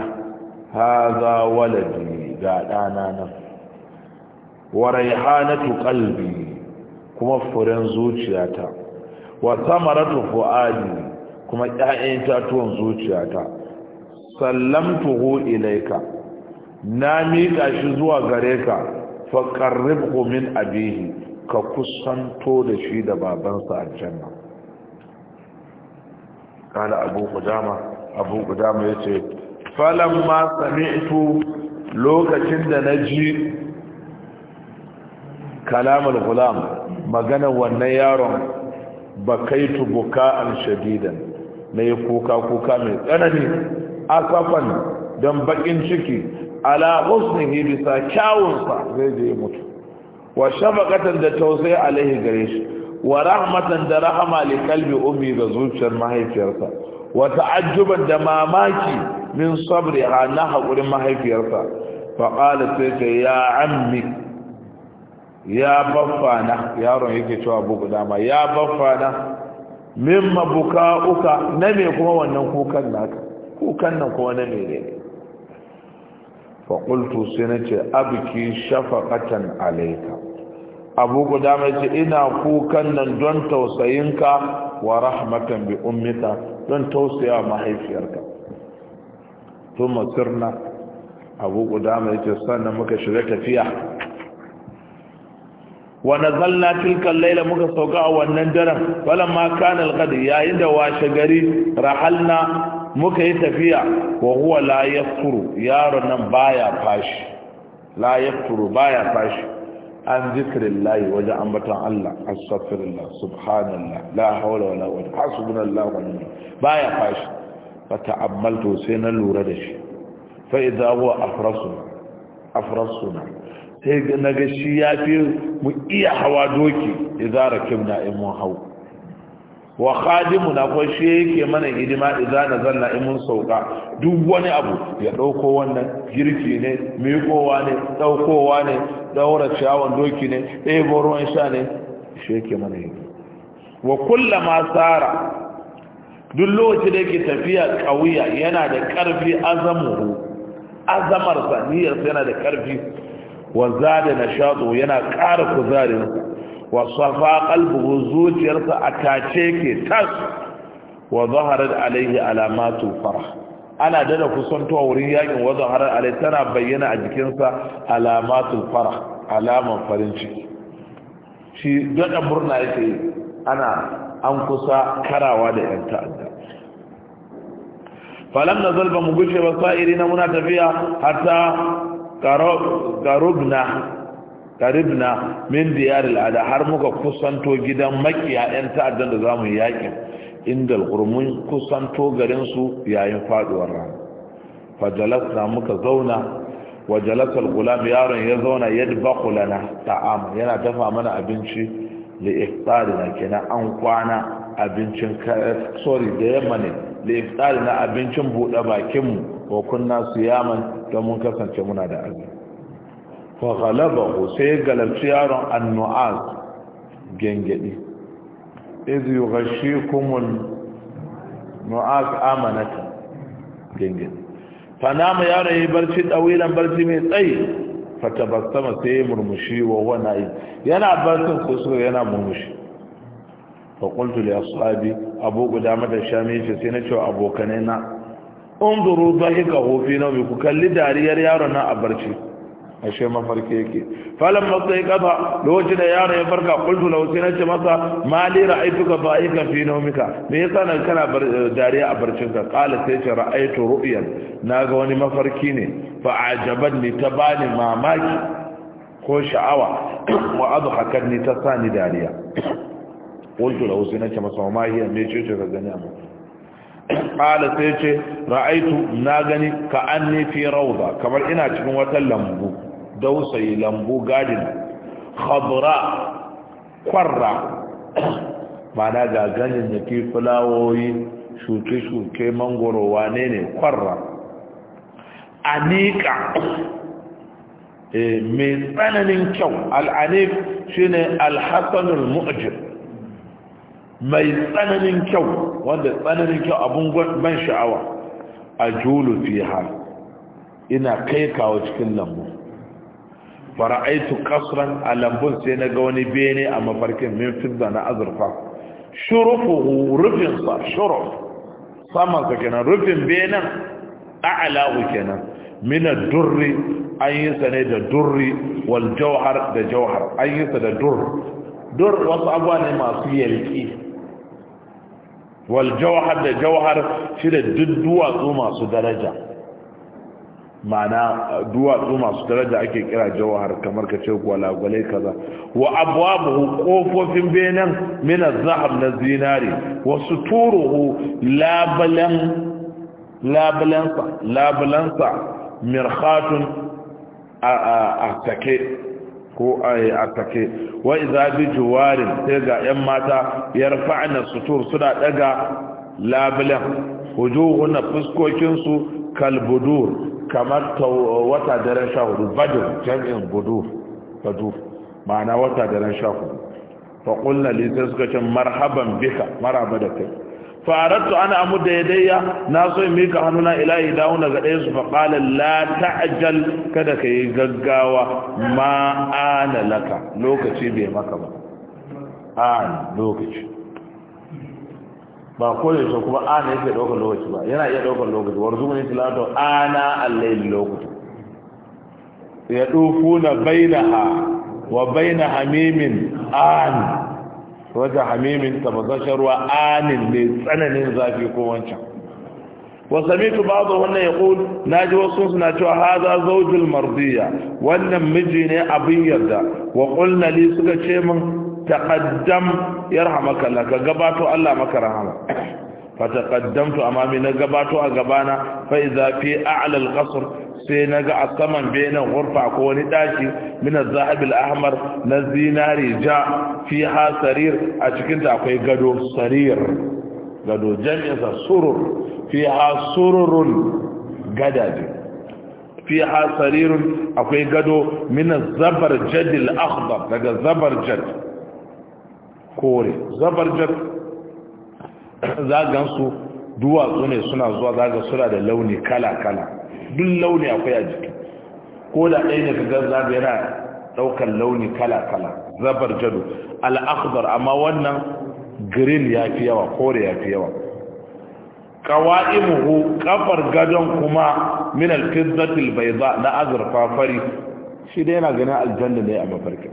S1: hadha waladi ga dana nan wa raihanatu qalbi kuma furen zuciyata wa samaratu fuadi kuma ƴaƴan tatuwan zuciyata sallamtuhu ilaika na miƙa shi zuwa gare ka fa qarribhu min abihi ka kusanto da shi da babansa janna. kana abu qudama abu qudama yace falamma sami'tu lokacin da naji kalamul gulam magana wannan yaron bakaitu buka'an shadidan na yi kuka kuka mai tsanani asafan don bakin ciki ala husnihi bisa kyawunsa zai je mutu wa shafaqatan da tausayi alaihi gare shi wa rahmatan da rahama le kalbi umi ga zuciyar mahaifiyarsa wa ta'ajjuban da mamaki min ha na haƙurin mahaifiyarsa fa sai ce ya ammi ya baffana yaron yake cewa bugu dama ya baffana min mabuka uka na me kuma wannan kukan naka kukan nan kuma na me ne sai na ce nace shafa shafaqatan alaika. abu guda mai ce ina kukan nan don tausayinka wa rahmatan bi ummita don tausaya mahaifiyarka tun masirna abu guda mai ce sannan muka shiga tafiya wa nazalna tilka al-laila muka sauka a wannan daren falamma kana al-qadr yayin da washe gari rahalna muka yi tafiya Wahuwa huwa la yasturu yaron nan baya fashi la yasturu baya fashi an zikrillahi waje ambatan Allah astaghfirullah subhanallah la hawla wala quwwata hasbunallahu wa ni'mal baya fashi fa ta'ammaltu sai na lura da shi fa idza afrasuna sai na ga shi ya fi mu iya hawa doki da zara kimna in mun hau wa khadimu na kwa shi yake mana hidima idza nazalna in mun sauka duk wani abu ya dauko wannan girki ne miƙowa ne daukowa ne daura ciyawan doki ne Ɗaya ruwan sha ne shi yake mana hidima wa kullama sara duk lokacin da yake tafiya kauya yana da karfi azamar azamarsa niyyarsa yana da karfi wa da nashatu yana ƙara kuzarin wa safa zuciyarsa a tace ke tas wa zaharat alaihi alamatu fara. ana dada kusantowa wurin yakin wa zaharat alaihi tana bayyana a jikinsa alamatu fara, alaman farin ciki shi daɗa murna yake ana an kusa karawa da yan ta'adda falam nazal ba mu gushe ba na muna tafiya hatta garubna qaribna min diyar al'ada har muka kusanto gidan makiya yan ta'addan da zamu yaƙi inda al-qurmun kusanto garin su yayin faduwar rana fajalasna muka zauna wa jalasa alghulam yaron ya zauna yadbaqu lana ta'am yana dafa mana abinci li iftarina kina an kwana abincin sorry da yamma ne li iftarina abincin bude bakin mu wa kunna siyaman don mun kasance muna da azumi fa ghalabahu sai galabci yaron annu'az gengedi iz yughashikum nu'az amanata gengedi fa nama yaro yi barci dawilan barci mai tsayi fa tabassama sai murmushi wa wana yana barcin ko so yana murmushi fa qultu li ashabi abu gudama da shami sai na ce abokanai na unzuru dhahikahu fi nawmi ku kalli dariyar yaron na a barci ashe mafarki yake falan masai kafa lokacin da yaron ya farka kultu lahu sai nace masa ma li ra'aytuka dhahika fi nawmika me yasa nan kana dariya a barcin ka qala sai ce ra'aytu ru'yan naga wani mafarki ne fa ajabatni tabani mamaki ko sha'awa wa adhakatni tasani dariya qultu lahu sai nace masa ma hiya me ce ce ka gani amma ƙala sai ce ra'aitu na gani ka an rauza kamar ina cikin wata lambu dausayi lambu gadin khadra kwarra mana ga ganin da ke fulawoyi shuke-shuke mangoro wane ne kwarra anika eh, mai tsananin kyau al'anif shine alhassanul mu'ajir mai tsananin kyau wanda tsananin kyau abun ban sha'awa a julu fiha ina kai kawo cikin lambu fara'aitu kasran a lambun sai na ga wani bene a mafarkin min na azurfa shurufuhu rufinsa shuruf samansa kenan rufin benen alahu kenan mina durri an yi sa ne da durri wal jauhar da jauhar an yi sa da dur dur wasu abuwa ne masu yalki wal jawhar da jawhar shi da duk duwatsu masu daraja ma'ana duwatsu masu daraja ake kira jawhar kamar ka ce gwalagwalai kaza wa abwabuhu kofofin benen min zahab na zinari wasu turuhu labulensa labalansa labalansa a take ko a take wa iza bi juwarin sai ga yan mata yarfa'na sutur suna daga labulan wujuhuna fuskokin fuskokinsu kalbudur kamar wata daren sha hudu badur jam'in budur badur ma'ana wata daren sha hudu fa qulna li sai suka ce marhaban bika maraba da kai faratu ana amu da yadayya na so in mika hannuna ilahi dawo daga ɗaya su faƙala la ta'ajjal kada ka yi gaggawa ma ana laka lokaci bai maka ba an lokaci ba ko da kuma ana yake ɗaukar lokaci ba yana iya ɗaukar lokaci zuwa ne tilato ana allail lokaci ya dufuna bainaha wa na hamimin an wata hamimin tabbataccen ruwa anin ne tsananin zafi ko wancan wasamitu ba zo wannan ya na ji wasu suna cewa haza zaujul mardiya wannan miji ne abin yarda wa kulna suka ce min taqaddam yarhamaka laka gabato Allah maka rahama fataqaddamtu amami na gabato a gabana fa idza fi a'la al-qasr sai naga a saman benen gurfa ko wani daki Mina zahabil ahmar na zinari ja fiha sarir a cikinta akwai gado sarir gado jami'in sa surur fiha sururun gadaje fiha sarirun akwai gado mina zabar zabarjad al Daga zabar zabarjad kore Zabar zabarjad su duwatsu ne suna zuwa zaga suna da launi kala-kala duk launi akwai a jiki ko da ɗaya ne ka zaga yana ɗaukar launi kala-kala zabar jado al'akhdar amma wannan green ya fi yawa kore ya fi yawa kawa'imuhu kafar gadon kuma min bai baiza na azurfa fari shi dai yana ganin aljanna ne a mafarkin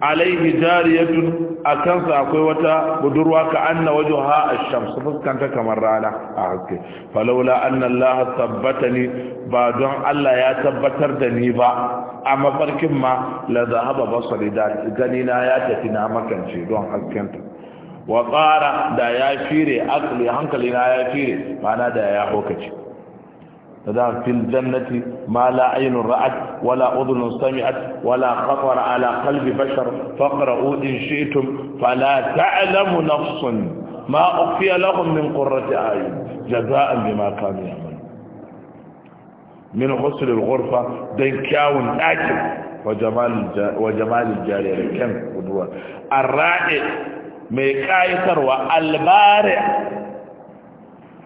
S1: alaihi jariyatun a kansa akwai wata budurwa ka anna wajo ha a shams fuskanta kamar rana a haske falaula anna allaha ni ba don allah ya tabbatar da ni ba a mafarkin ma la zahaba basari da gani na ya tafi na makance don haskenta wa da ya fire akli hankali na ya fire mana da ya hokace فذا في الجنة ما لا عين رأت ولا أذن سمعت ولا خطر على قلب بشر فاقرؤوا إن شئتم فلا تعلم نفس ما أخفي لهم من قرة أعين جزاء بما كانوا يعملون من غسل الغرفة دين كاون أكل وجمال وجمال الجارية كم قدوة الرائع ميكايتر والبارع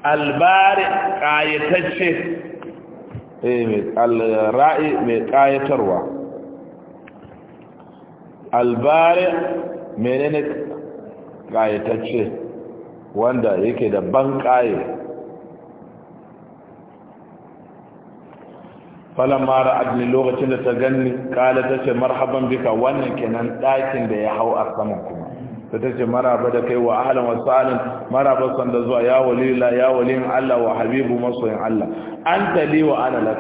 S1: البارئ kayatacce Eh, al-ra'i mai kayatarwa al-bari menene kayatacce wanda yake da ban kaye mara ra'adni lokacin da ta ganni kala tace marhaban bika wannan kenan dakin da ya hau a saman kuma da ta ce maraba da kai wa ahlan wa sa'alin maraba san da zuwa ya wali la ya wali Allah wa habibu masoyin Allah an tali wa ana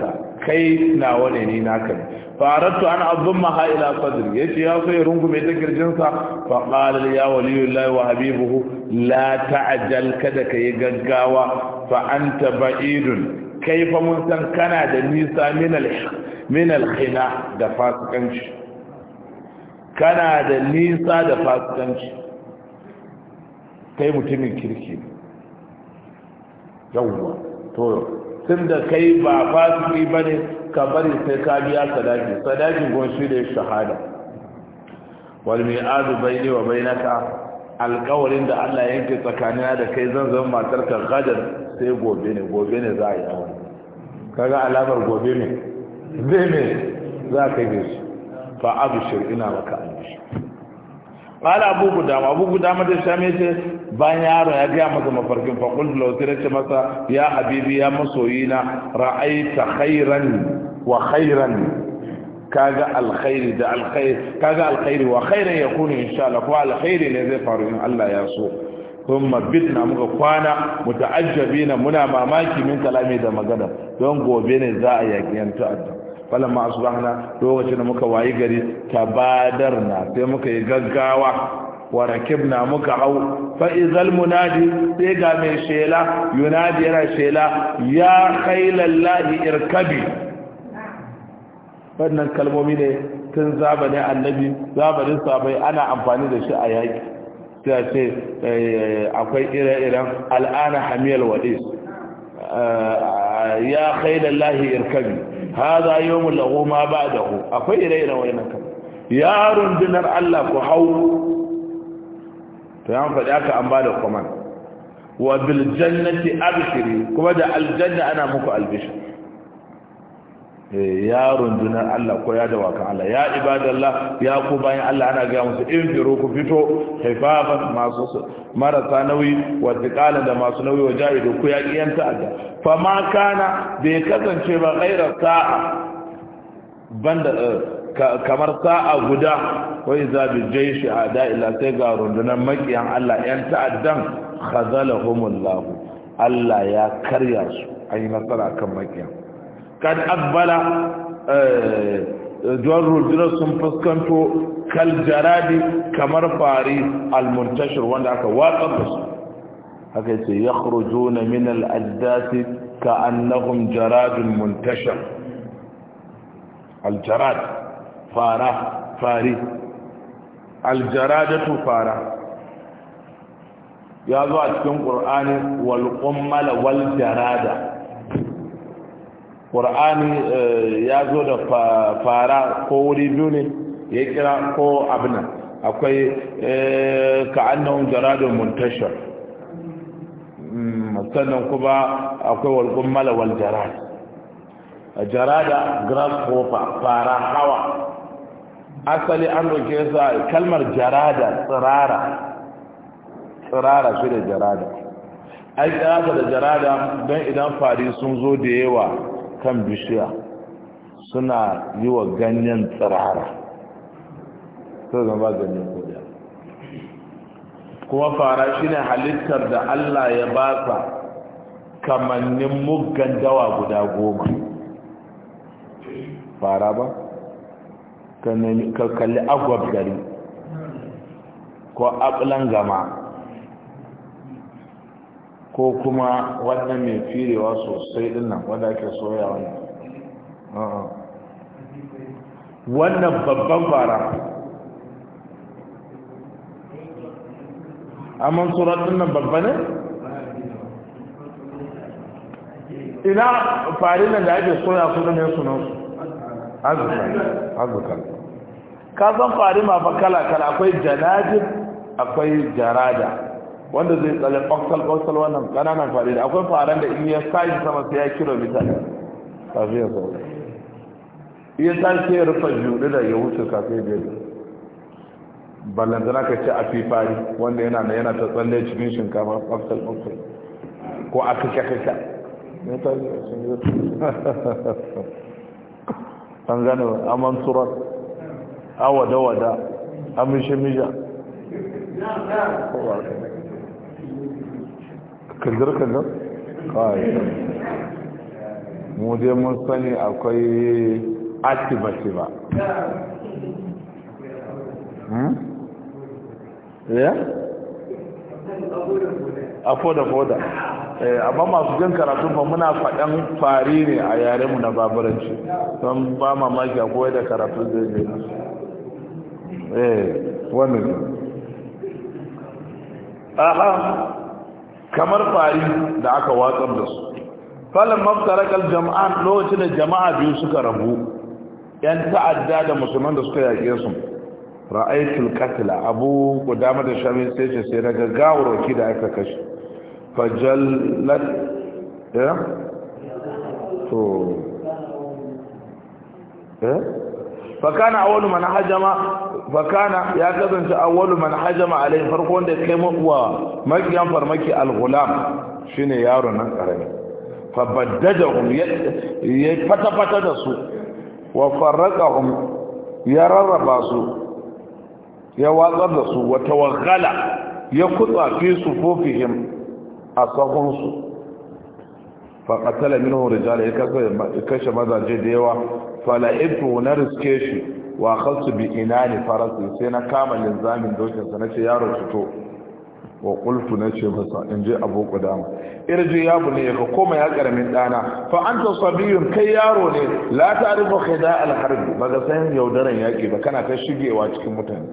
S1: kai na wane ni naka ne faratu an azumma ha ila sadri yace ya so ya rungume ta kirjin sa fa qala ya wali Allah wa habibuhu la ta'jal kada kai gaggawa fa anta ba'idun kai fa mun san kana da nisa min al min al khina da fasikanci kana da nisa da fasikanci kai mutumin kirki yawwa to tun da kai ba fasiki ba ne ka bari sai ka biya sadaki sadaki gonshi da shahada wal mi'adu bayni wa ka? alƙawarin da Allah yanke tsakanina da kai zan zama ka gadar sai gobe ne gobe ne za a yi aure kaga alamar gobe ne zai ne za ka shi fa abshir ina maka annishi qala abu gudama abu gudama da shame ce bayan yaro ya ga masa mafarkin fa qul law tirata masa ya habibi ya masoyina ra'aita khairan wa khairan kaga alkhairi da alkhairi kaga alkhairi wa khairan yakunu insha Allah ko alkhairi ne zai faru in Allah ya so thumma bitna muka kwana muta'ajjabina muna mamaki min kalami da magana don gobe ne za a yaki yan ta'adda ma asbahna lokacin da muka wayi gari tabadarna sai muka yi gaggawa wa rakibna muka hau fa munadi sai ga mai shela yunadi yana shela ya khailallahi irkabi wannan kalmomi ne tun zabane annabi Zabarin sabai ana amfani da shi a yaki sai ce eh, akwai ire-iren al'ana Hamiyar wadis eh, ya khailallahi irkabi haza yawmul lahu ma ba'dahu akwai ire-iren wayannan kan Yaron rundunar Allah ku hau to yan faɗi aka an da kwaman wa bil abshiri kuma da aljanna ana muku albishir Eh, ya rundunar Allah ko ya dawakan Allah ya ibadallah ya ku bayan Allah ana ga musu in firo ku fito haifafan masu marasa nauyi wa tiqala da masu nauyi wa jahidu ku ya kiyan ta'adda fa ma kana bai kasance ba ghaira sa'a banda eh, kamar sa'a guda wa iza bi ila sai ga rundunar maƙiyan Allah yan ta'addan khazalahumullah Allah ya karya su ayi nasara kan maƙiyan. قد أقبل آه، جوار رجل سنفسكنتو كالجراد كمرفاري المنتشر وانداك واتبس هكذا يخرجون من الأجداس كأنهم جراد منتشر الجراد فارة فاري الجرادة فارة يا ذات كم قرآن والقمل والجرادة ƙur'ani eh, ya zo da fara ko wuri biyu ne ya kira ko abin akwai eh, ka'annan jaradun muntashar hmm, sannan kuma akwai walƙun malawal jarad jarada grasshopper fara hawa asali an roke sa kalmar jarada tsirara tsirara shi da jarada an kira da jarada don idan fari sun zo da yawa kan bishiya suna yi wa ganyen tsirara zama ganyen kodiya kuma fara shi ne halittar da allah ya ba sa kamannin muggan dawa guda goma fara ba ka kalli agwab gari ko abulan gama ko kuma wannan mai firewa sosai nan wanda ake soya wannan wannan babban fara amma din nan babba ne ina nan da ake soya su ne sunansu azukan ka san ma fa kala kala akwai janajin, akwai jarada wanda zai tsale ƙwaƙsal ƙwaƙsal wannan ƙananan faɗi da akwai faran da in ya sashi sama sai ya kiro ne kafin ya sauka iya sashi ya rufe juɗi da ya wuce kafin ya gaji ballantana ka ce a fifari wanda yana na yana ta tsalle cikin shinkafa ƙwaƙsal ƙwaƙsal ko a kake kake an gane aman surat a wada wada, mija ko ba kanzir kanzir kawai mu dai mun sani akwai activity ba ya? a hmm? eh? foda-foda eh, amma masu jin karatun ba muna faɗan fari ne a yarenmu na babaranci don ba mamaki a koyar da karatun zai ne eh ne aha kamar fari da aka watsar da su falon maftarakar jama'a lokacin da jama'a biyu suka rabu yan ta'adda da musulman da suka yaƙe su ra'aitul katila abu gudama da shamin sai ce sai na gaggawar da aka kashe fajallat ya? Eh? to eh fakana awwalu man hajama fakana ya kasance awwalu man hajama alai farko wanda kai wa makiyan farmaki al-ghulam shine yaro nan karami fa baddadahum ya fata fata da su wa farraqahum ya rarraba su ya watsar da su wa tawaggala ya kutsa fi sufufihim a sahun su fa qatala minhu rijal ya kashe mazaje da yawa fa la'ibtu na riske shi wa khalsu bi inani farasi sai na kama linzamin dokin sa nace yaro fito wa qultu nace masa in je abu qudama irji ya bunne ka koma ya karamin dana fa anta sabiyun kai yaro ne la ta'rifu khida al harb baga san yaudaran yaki ba kana ta shigewa cikin mutane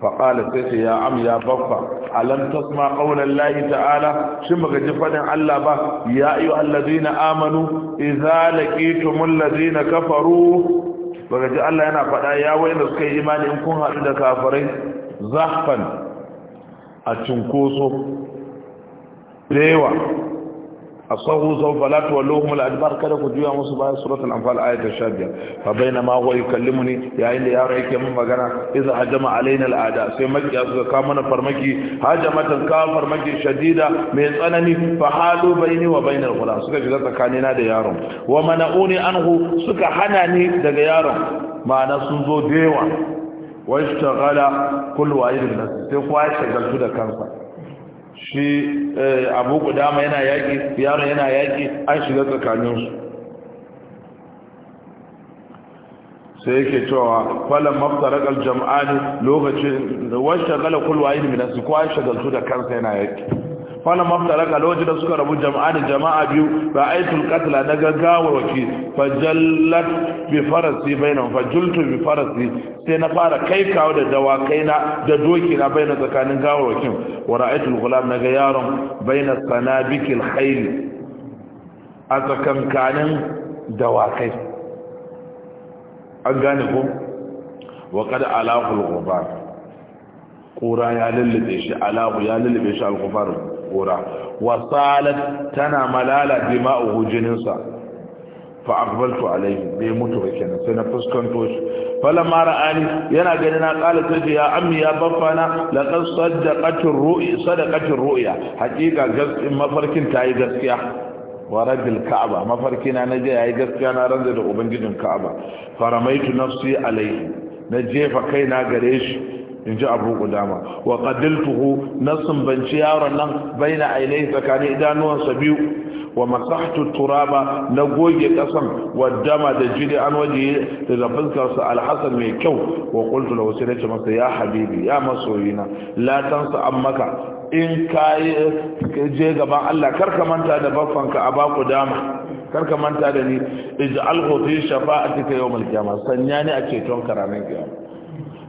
S1: fa qala sai ya am ya baffa alam tasma qawla allahi ta'ala shin baka ji fadin Allah ba ya allazina amanu idza laqitumul ladina kafaru baka ji Allah yana faɗa ya wayanda suka yi imani in kun haɗu da kafirai zahfan a cinkoso da yawa asahu zawfalat wa lahum al-adbar kada ku jiya musu bayan surat al-anfal ayat ash-shabiyah fa bainama huwa yukallimuni ya ayyuha yara yake mun magana idza hajama alaina al-a'da sai maki ya zuwa ka mana farmaki hajamatan ka farmaki shadida mai tsanani fa halu baini wa bainal ghula suka shiga tsakani na da yaron wa mana'uni anhu suka hana ni daga yaron ma'ana sun zo dewa wa ishtaghala kullu wa'id nas sai kwa shagaltu da kansa shi eh, abu ma yana yaƙi yaro yana yaƙi an shiga tsakaninsu sai yake cewa falon jama'a ne lokacin da wasu shagala kulwa yi minasu kowa shagaltu da kansa yana yaƙi fala maftaraka lokacin da suka rabu jama'a da jama'a biyu ba aitul katla na gaggawa waki fajallat bi farasi bainahum fajultu bi farasi sai na fara kai kawo da dawakai na da doki na baina tsakanin gawarwakin wa ra'aitul gulam na ga yaron baina sanabikil khayl a tsakankanin dawakai an gane ko wa qad alaqul ghubab qura ya lullube shi alaqu ya lullube shi al-ghubab kora wasalat tana malala jima'uhu jininsa fa aqbaltu alayhi bai mutu ba sai na fuskanto shi falamma ra'ani yana gani na kala sai ya ammi ya baffana laqad saddaqatir ru'ya sadaqatir ru'ya hakika gaskiya mafarkin tayi gaskiya wa rabbil ka'aba mafarkina na je yayi gaskiya na ranza da ubangijin ka'aba faramaitu nafsi alayhi na jefa kaina gare shi in ji abu kudama wa qadiltuhu na sumbanci yaron nan baina ainihi tsakanin idanuwansa biyu wa masahtu turaba na goge kasan wa dama da jini an waje da fuskarsa alhasan mai kyau wa qultu lahu sai nace masa ya habibi ya masoyina la tansa in ka je gaban Allah karka manta da baffanka a baku dama karka manta da ni ij'alhu fi shafa'atika yawm al-qiyamah sanya ni a ceton karamin kiyama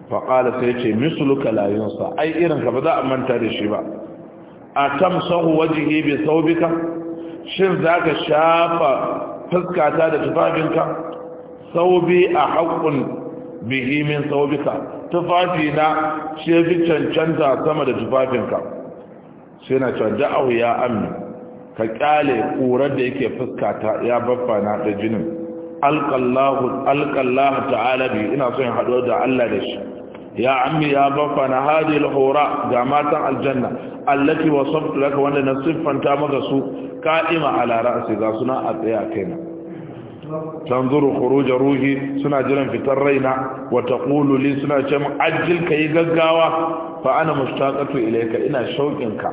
S1: faƙala sai ce misluka layunsa ai irin ka ba za a manta da shi ba a tamsahu wajihi bi saubika shin za ka shafa fuskata da tufafinka saubi a haƙƙun bihi min tufafi na shi fi cancanta sama da tufafinka sai na canja ahu ya amni ka ƙyale ƙurar da yake fuskata ya baffa na da jinin alƙallahu ta'ala bi ina son haɗuwa da Allah da shi يا عمي يا بابنا هذه الحوراء جامات الجنة التي وصفت لك وانا نصف انت مغسو قائمة على رأسي غاسنا أتياكينا تنظر خروج روحي سنة جلن في ترينا وتقول لي سنة شم أجل كي غقاوة فأنا مشتاقة إليك إنا شوقنك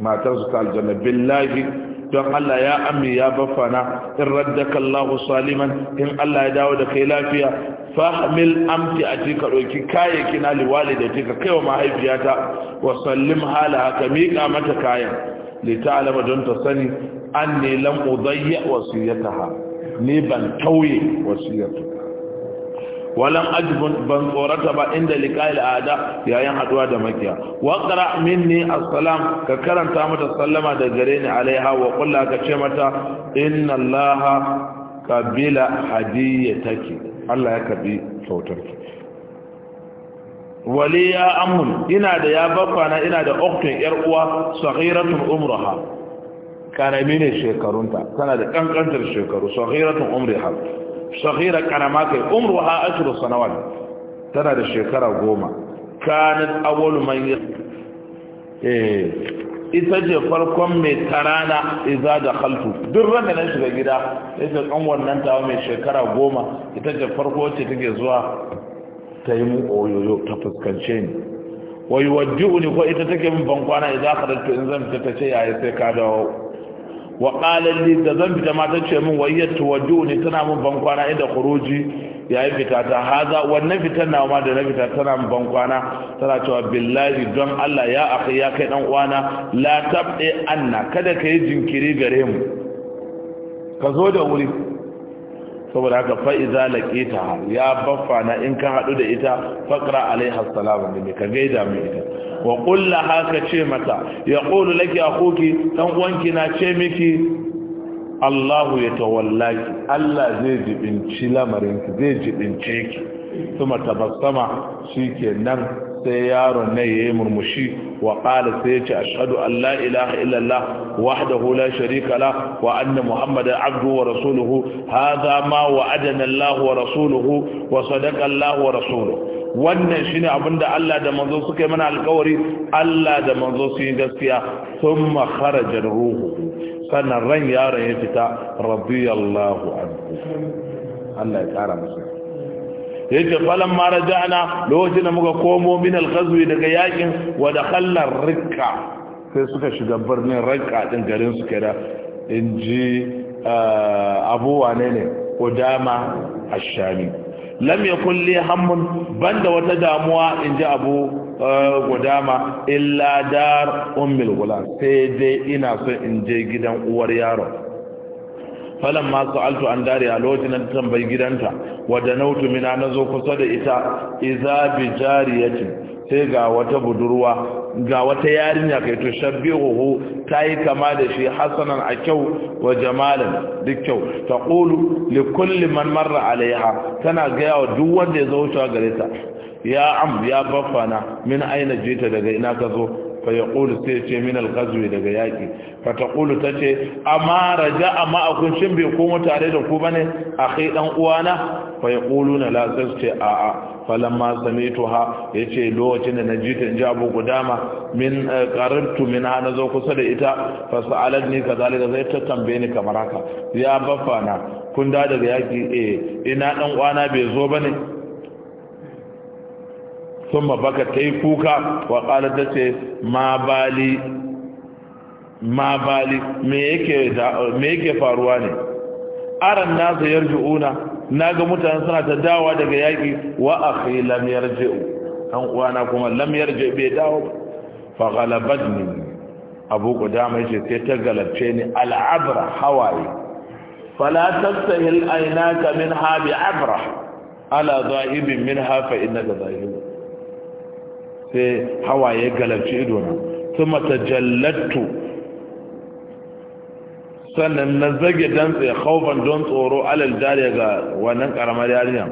S1: ما ترزق الجنة بالله don Allah ya ammi ya baffana in raddaka Allahu saliman in Allah ya dawo da kai lafiya fahmil amti a ka ɗauki kayayyaki na da ka kaiwa mahaifiyata wa sallim hala ka miƙa mata kayan lita'alama don ta sani anni lam udayya wasiyataha ni ban tauye wasiyataha walan ajbun ban tsorata ba inda liqa'il ada yayin haɗuwa da makiya wa qra minni asalam ka karanta mata sallama da gare ni alaiha wa ka ce mata inna allaha qabila hadiyataki Allah ya kabi sautarki wali ya amun ina da ya baffana ina da uktun yar uwa saghiratun ne shekarunta da kankantar shekaru umriha Shahira karama kai umruha ashru sanawat tana da shekara goma kanat awwalu man eh ita ce farkon mai tarana iza da khaltu duk ranar na shiga gida ita kan wannan tawa mai shekara goma ita ce farko ce take zuwa ta yi mu oyoyo ta fuskance ni wai wajjuhu ni ko ita take min bankwana idan kharajtu in zan fita ta ce yaya sai ka dawo wa qalan da zan fita mata ce min wa hiya tuwaduni tana min bankwana kwana inda khuruji yayin fita ta haza wannan fitar nawa ma da na fita tana min ban kwana tana cewa billahi don Allah ya ya kai dan uwana la tabdi anna kada ka yi jinkiri gare mu ka zo da wuri saboda haka fa'iza laƙita ya baffa na in ka haɗu da ita faƙra alaiha salamun ka gaida mai ita wa kulla haka ka ce mata ya yaqulu a koki dan uwanki na ce miki Allahu ya tawallaki Allah zai jibinci lamarinki zai jibince ki kuma tabassama nan. sai yaron ne yayi murmushi wa qala sai ya ce ashhadu an la ilaha illallah wahdahu la sharika la wa anna muhammadan abdu wa rasuluhu hadha ma adana allah wa rasuluhu wa sadaka allah wa rasuluhu wannan ne abinda Allah da manzo suka yi mana alƙawari Allah da manzo su yi gaskiya thumma kharaja ruhu sannan ran yaron ya fita radiyallahu anhu Allah ya kara masa yace falan ma raja'na lokacin da muka komo min al-ghazwi daga yakin wa dakhalna rikka sai suka shiga birnin rikka din garin su kira inji ah, abu wane ne kudama ash-shami lam yakul li hammun banda wata damuwa inji abu gudama ah, illa dar ummul gulam sai dai ina so in je gidan uwar yaro falan ma altu an a lokacin da tambayi gidanta wadda nautu mina na zo kusa da ita iza bi jariyati sai ga wata budurwa ga wata yarinya kai to shabihu ta yi kama da shi hasanan a kyau wa jamalan duk kyau ta qulu li kulli man marra alaiha tana ga yawa duk wanda ya zo wucewa gare ta ya am ya baffana min aina jita daga ina ka zo fa sai ce min daga yaki fa ta ta ce amma raja amma a kunshin bai komo tare da ku ba ne a kai ɗan uwana fa ya kulu na lasar ce a a falan sami ha ya ce lokacin da na ji ta ji abu gudama min ƙarartu eh, min ha na zo kusa da ita fa ne ni ka zalika zai ta tambaye ni kamar haka ya baffa na kun da daga yaki eh ina ɗan uwana bai zo ba ne ثم baka تيكوكا وقالت تسي ما بالي ما بالي me yake faruwa ne aran nasu na naga mutane suna ta dawa daga yaki wa akhi lam yarji'u an uwana kuma lam yarji bai dawo fa ni abu qudama yace sai ta galabce ni al'abra hawaye fala tastahil aynaka minha bi'abra ala zahibin minha fa innaka zahibun sai hawaye galarci idona sun mata jallattu sannan na zage dantse haufan don tsoro alal jariya ga wannan karamar yarinya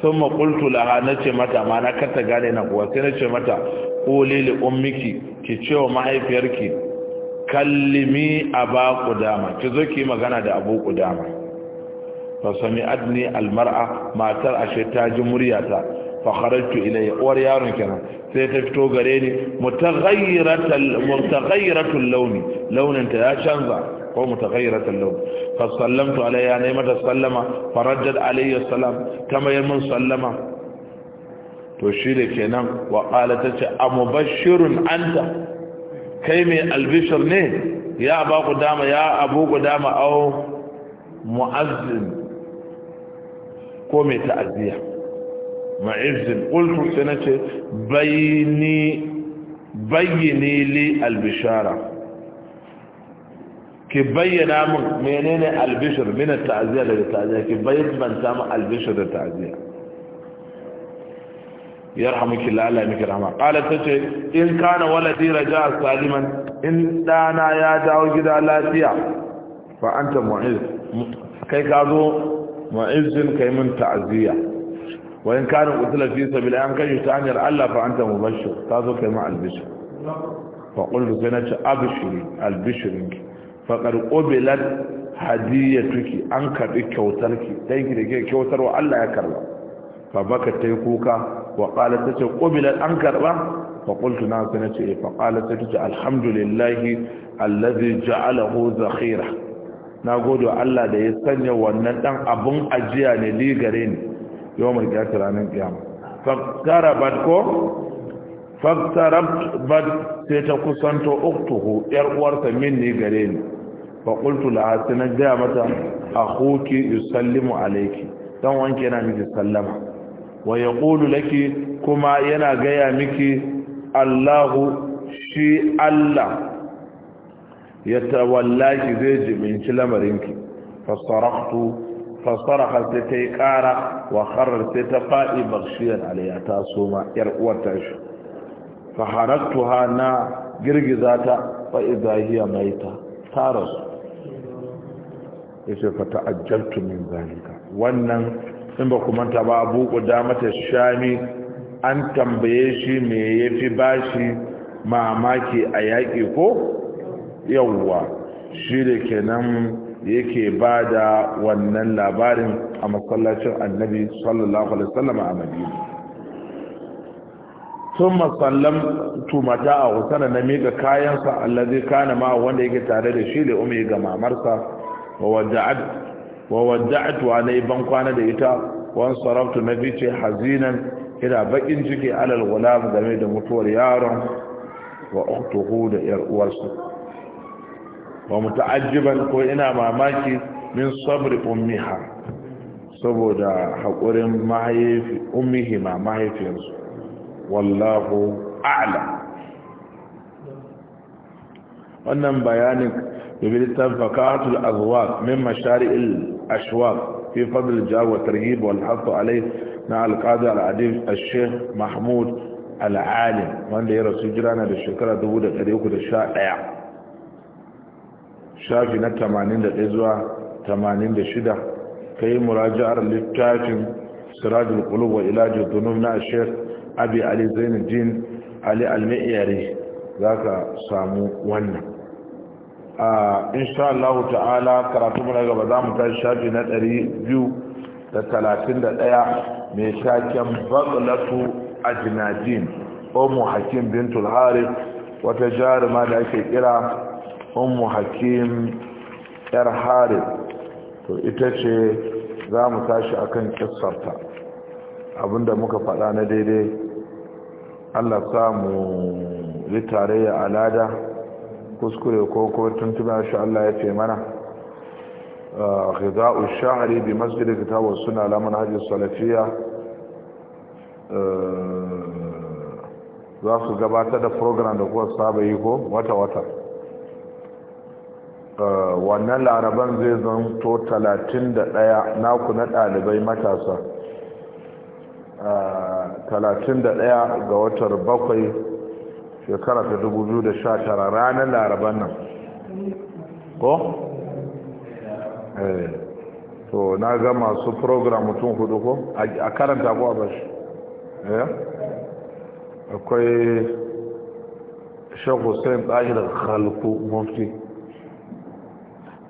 S1: sun makultu laha na ce mata ma na karta gane na kuwa sai na ce mata ƙolili ummiki ki cewa wa mahaifiyarki kallimi a ba ku dama ki zo ki magana da abu ku dama sami adni almar'a matar ashe ta ji muryata fa kharajtu ilayya uwar yaron kenan sai ta fito gare ni mutaghayyiratal mutaghayyiratul launi launin ta ya canza ko mutaghayyiratul launi fa sallamtu alayya ne mata sallama faraddad alayya salam kama mun sallama to shi da kenan wa qala tace amubashshirun anta kai mai albishir ne ya ba ku dama ya abu ku dama au mu'azzin ko mai ta'aziyya ma'izin ultu sai na ce bayyane li albishara ki bayyana min menene albishir minar ta'aziyya daga ta'aziyya ki bayyanta min albishir da ta'aziyya ya yarhamuki lala miki ƙala ta ce in kana waladi raja'a saliman in dana ya dawo gida lafiya fa anta mu'iz kai ka zo mu'izzin kai min ta'aziyya wa in kana qutila fi sabili an kai ta hanyar Allah fa anta mubashshir ta zo kai ma albishir fa qultu sai nace abshiri albishirin fa qad qubilat hadiyatuki an karbi kyautarki dan ki da ke kyautarwa Allah ya karba fa baka tai kuka wa qalat tace qubilat an karba na sai eh, Allah da ya sanya wannan dan abun ajiya ne ligare yawon kiyata ranar kiyama faktara badko ko bad sai ta kusanto uktuhu yar min ne gare ni fa qultu na gaya mata akhuki yusallimu alayki dan wanke yana miki sallama wa yaqulu laki kuma yana gaya miki Allahu shi Allah ya tawallaki zai jiminci lamarinki fasaraktu fasaraha sai ta yi ƙara wa harar sai ta faɗi bakshiyar aliyya ta soma yar uwarta shi faharattuha na girgiza ta fa'iza hiya ta rasu yace fa ta'ajjaltu min zalika wannan in ba kuma ta ba abu qudamata shami an tambaye shi me yafi bashi mamaki a yaƙi ko yawwa shi da kenan da yake ba da wannan labarin a masallacin annabi sallallahu alaihi wasallam a madina sun masallam tumata a husana na miƙa kayansa allazi kana ma wanda yake tare da shi da umi ga mamarsa wa wadda'atu wa nayi ban kwana da ita wan saraftu na ce hazinan ina bakin ciki alal gulam game da mutuwar yaron wa da yar uwarsa ومتعجبا كوينا ما ماكي من صبر أمها صبودا حقور ماهي في أمه ما ماهي في رسول والله أعلم وأنم بيانك يبدو التنفقات الأذواق من مشاري الأشواق في فضل الجار والترهيب والحظ عليه مع القاضي العديد الشيخ محمود العالم وأن لي رسول جرانا بالشكرة دبودة قد يوكد الشائع shafi na 81 zuwa 86 yi murajiyar littafin sirajul qulub wa ilajul dunub na Sheikh Abi Ali Zainuddin Ali al za ka samu wannan a insha ta'ala karatu mu gaba za mu ta shafi na 231 mai bakulatu a ajnadin omo hakim bintul harith wata jaruma da ake kira ummu hakim yar harith to ita ce za mu tashi akan kissarta abinda muka faɗa na daidai allah samu yi tarayya alada kuskure ko ko tuntuna shi allah ya ce mana غذاء الشعر بمسجد الكتاب suna على hajji salafiya za su gabatar da program da kuwa saba yi ko wata-wata Eh, wannan laraban zai zanto 31 naku na ɗalibai matasa 31 eh, ga watar bakwai shekara ta 2019 ranar laraban nan ko? Eh, to na ga masu program mutum hudu ko a karanta ko a bashi akwai shekhu sayin ɗahir halku mafi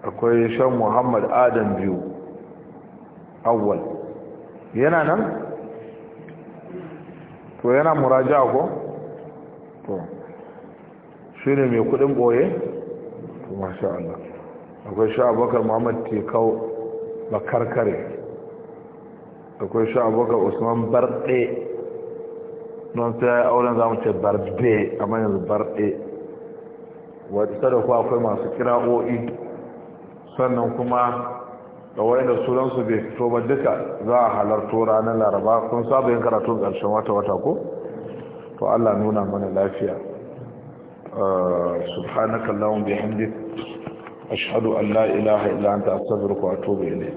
S1: akwai shan muhammad adam biyu awwal yana nan to yana muraja ko to shi ne mai kudin boye to masha Allah akwai sha abokar muhammad tekau bakarkare akwai sha abokar usman barɗe don ta yi auren zamu ce barɗe a manyan barɗe wadda da kuwa akwai masu kira'o'i sannan kuma da sunansu bai fito ba duka za a halarto ranar laraba kun saba yin karatun ƙarshen wata-wata ko to allah nuna mana lafiya eh, subhanakallahun bihamdik ashhadu an la ilaha illa anta astaghfiruka wa atubu ilayk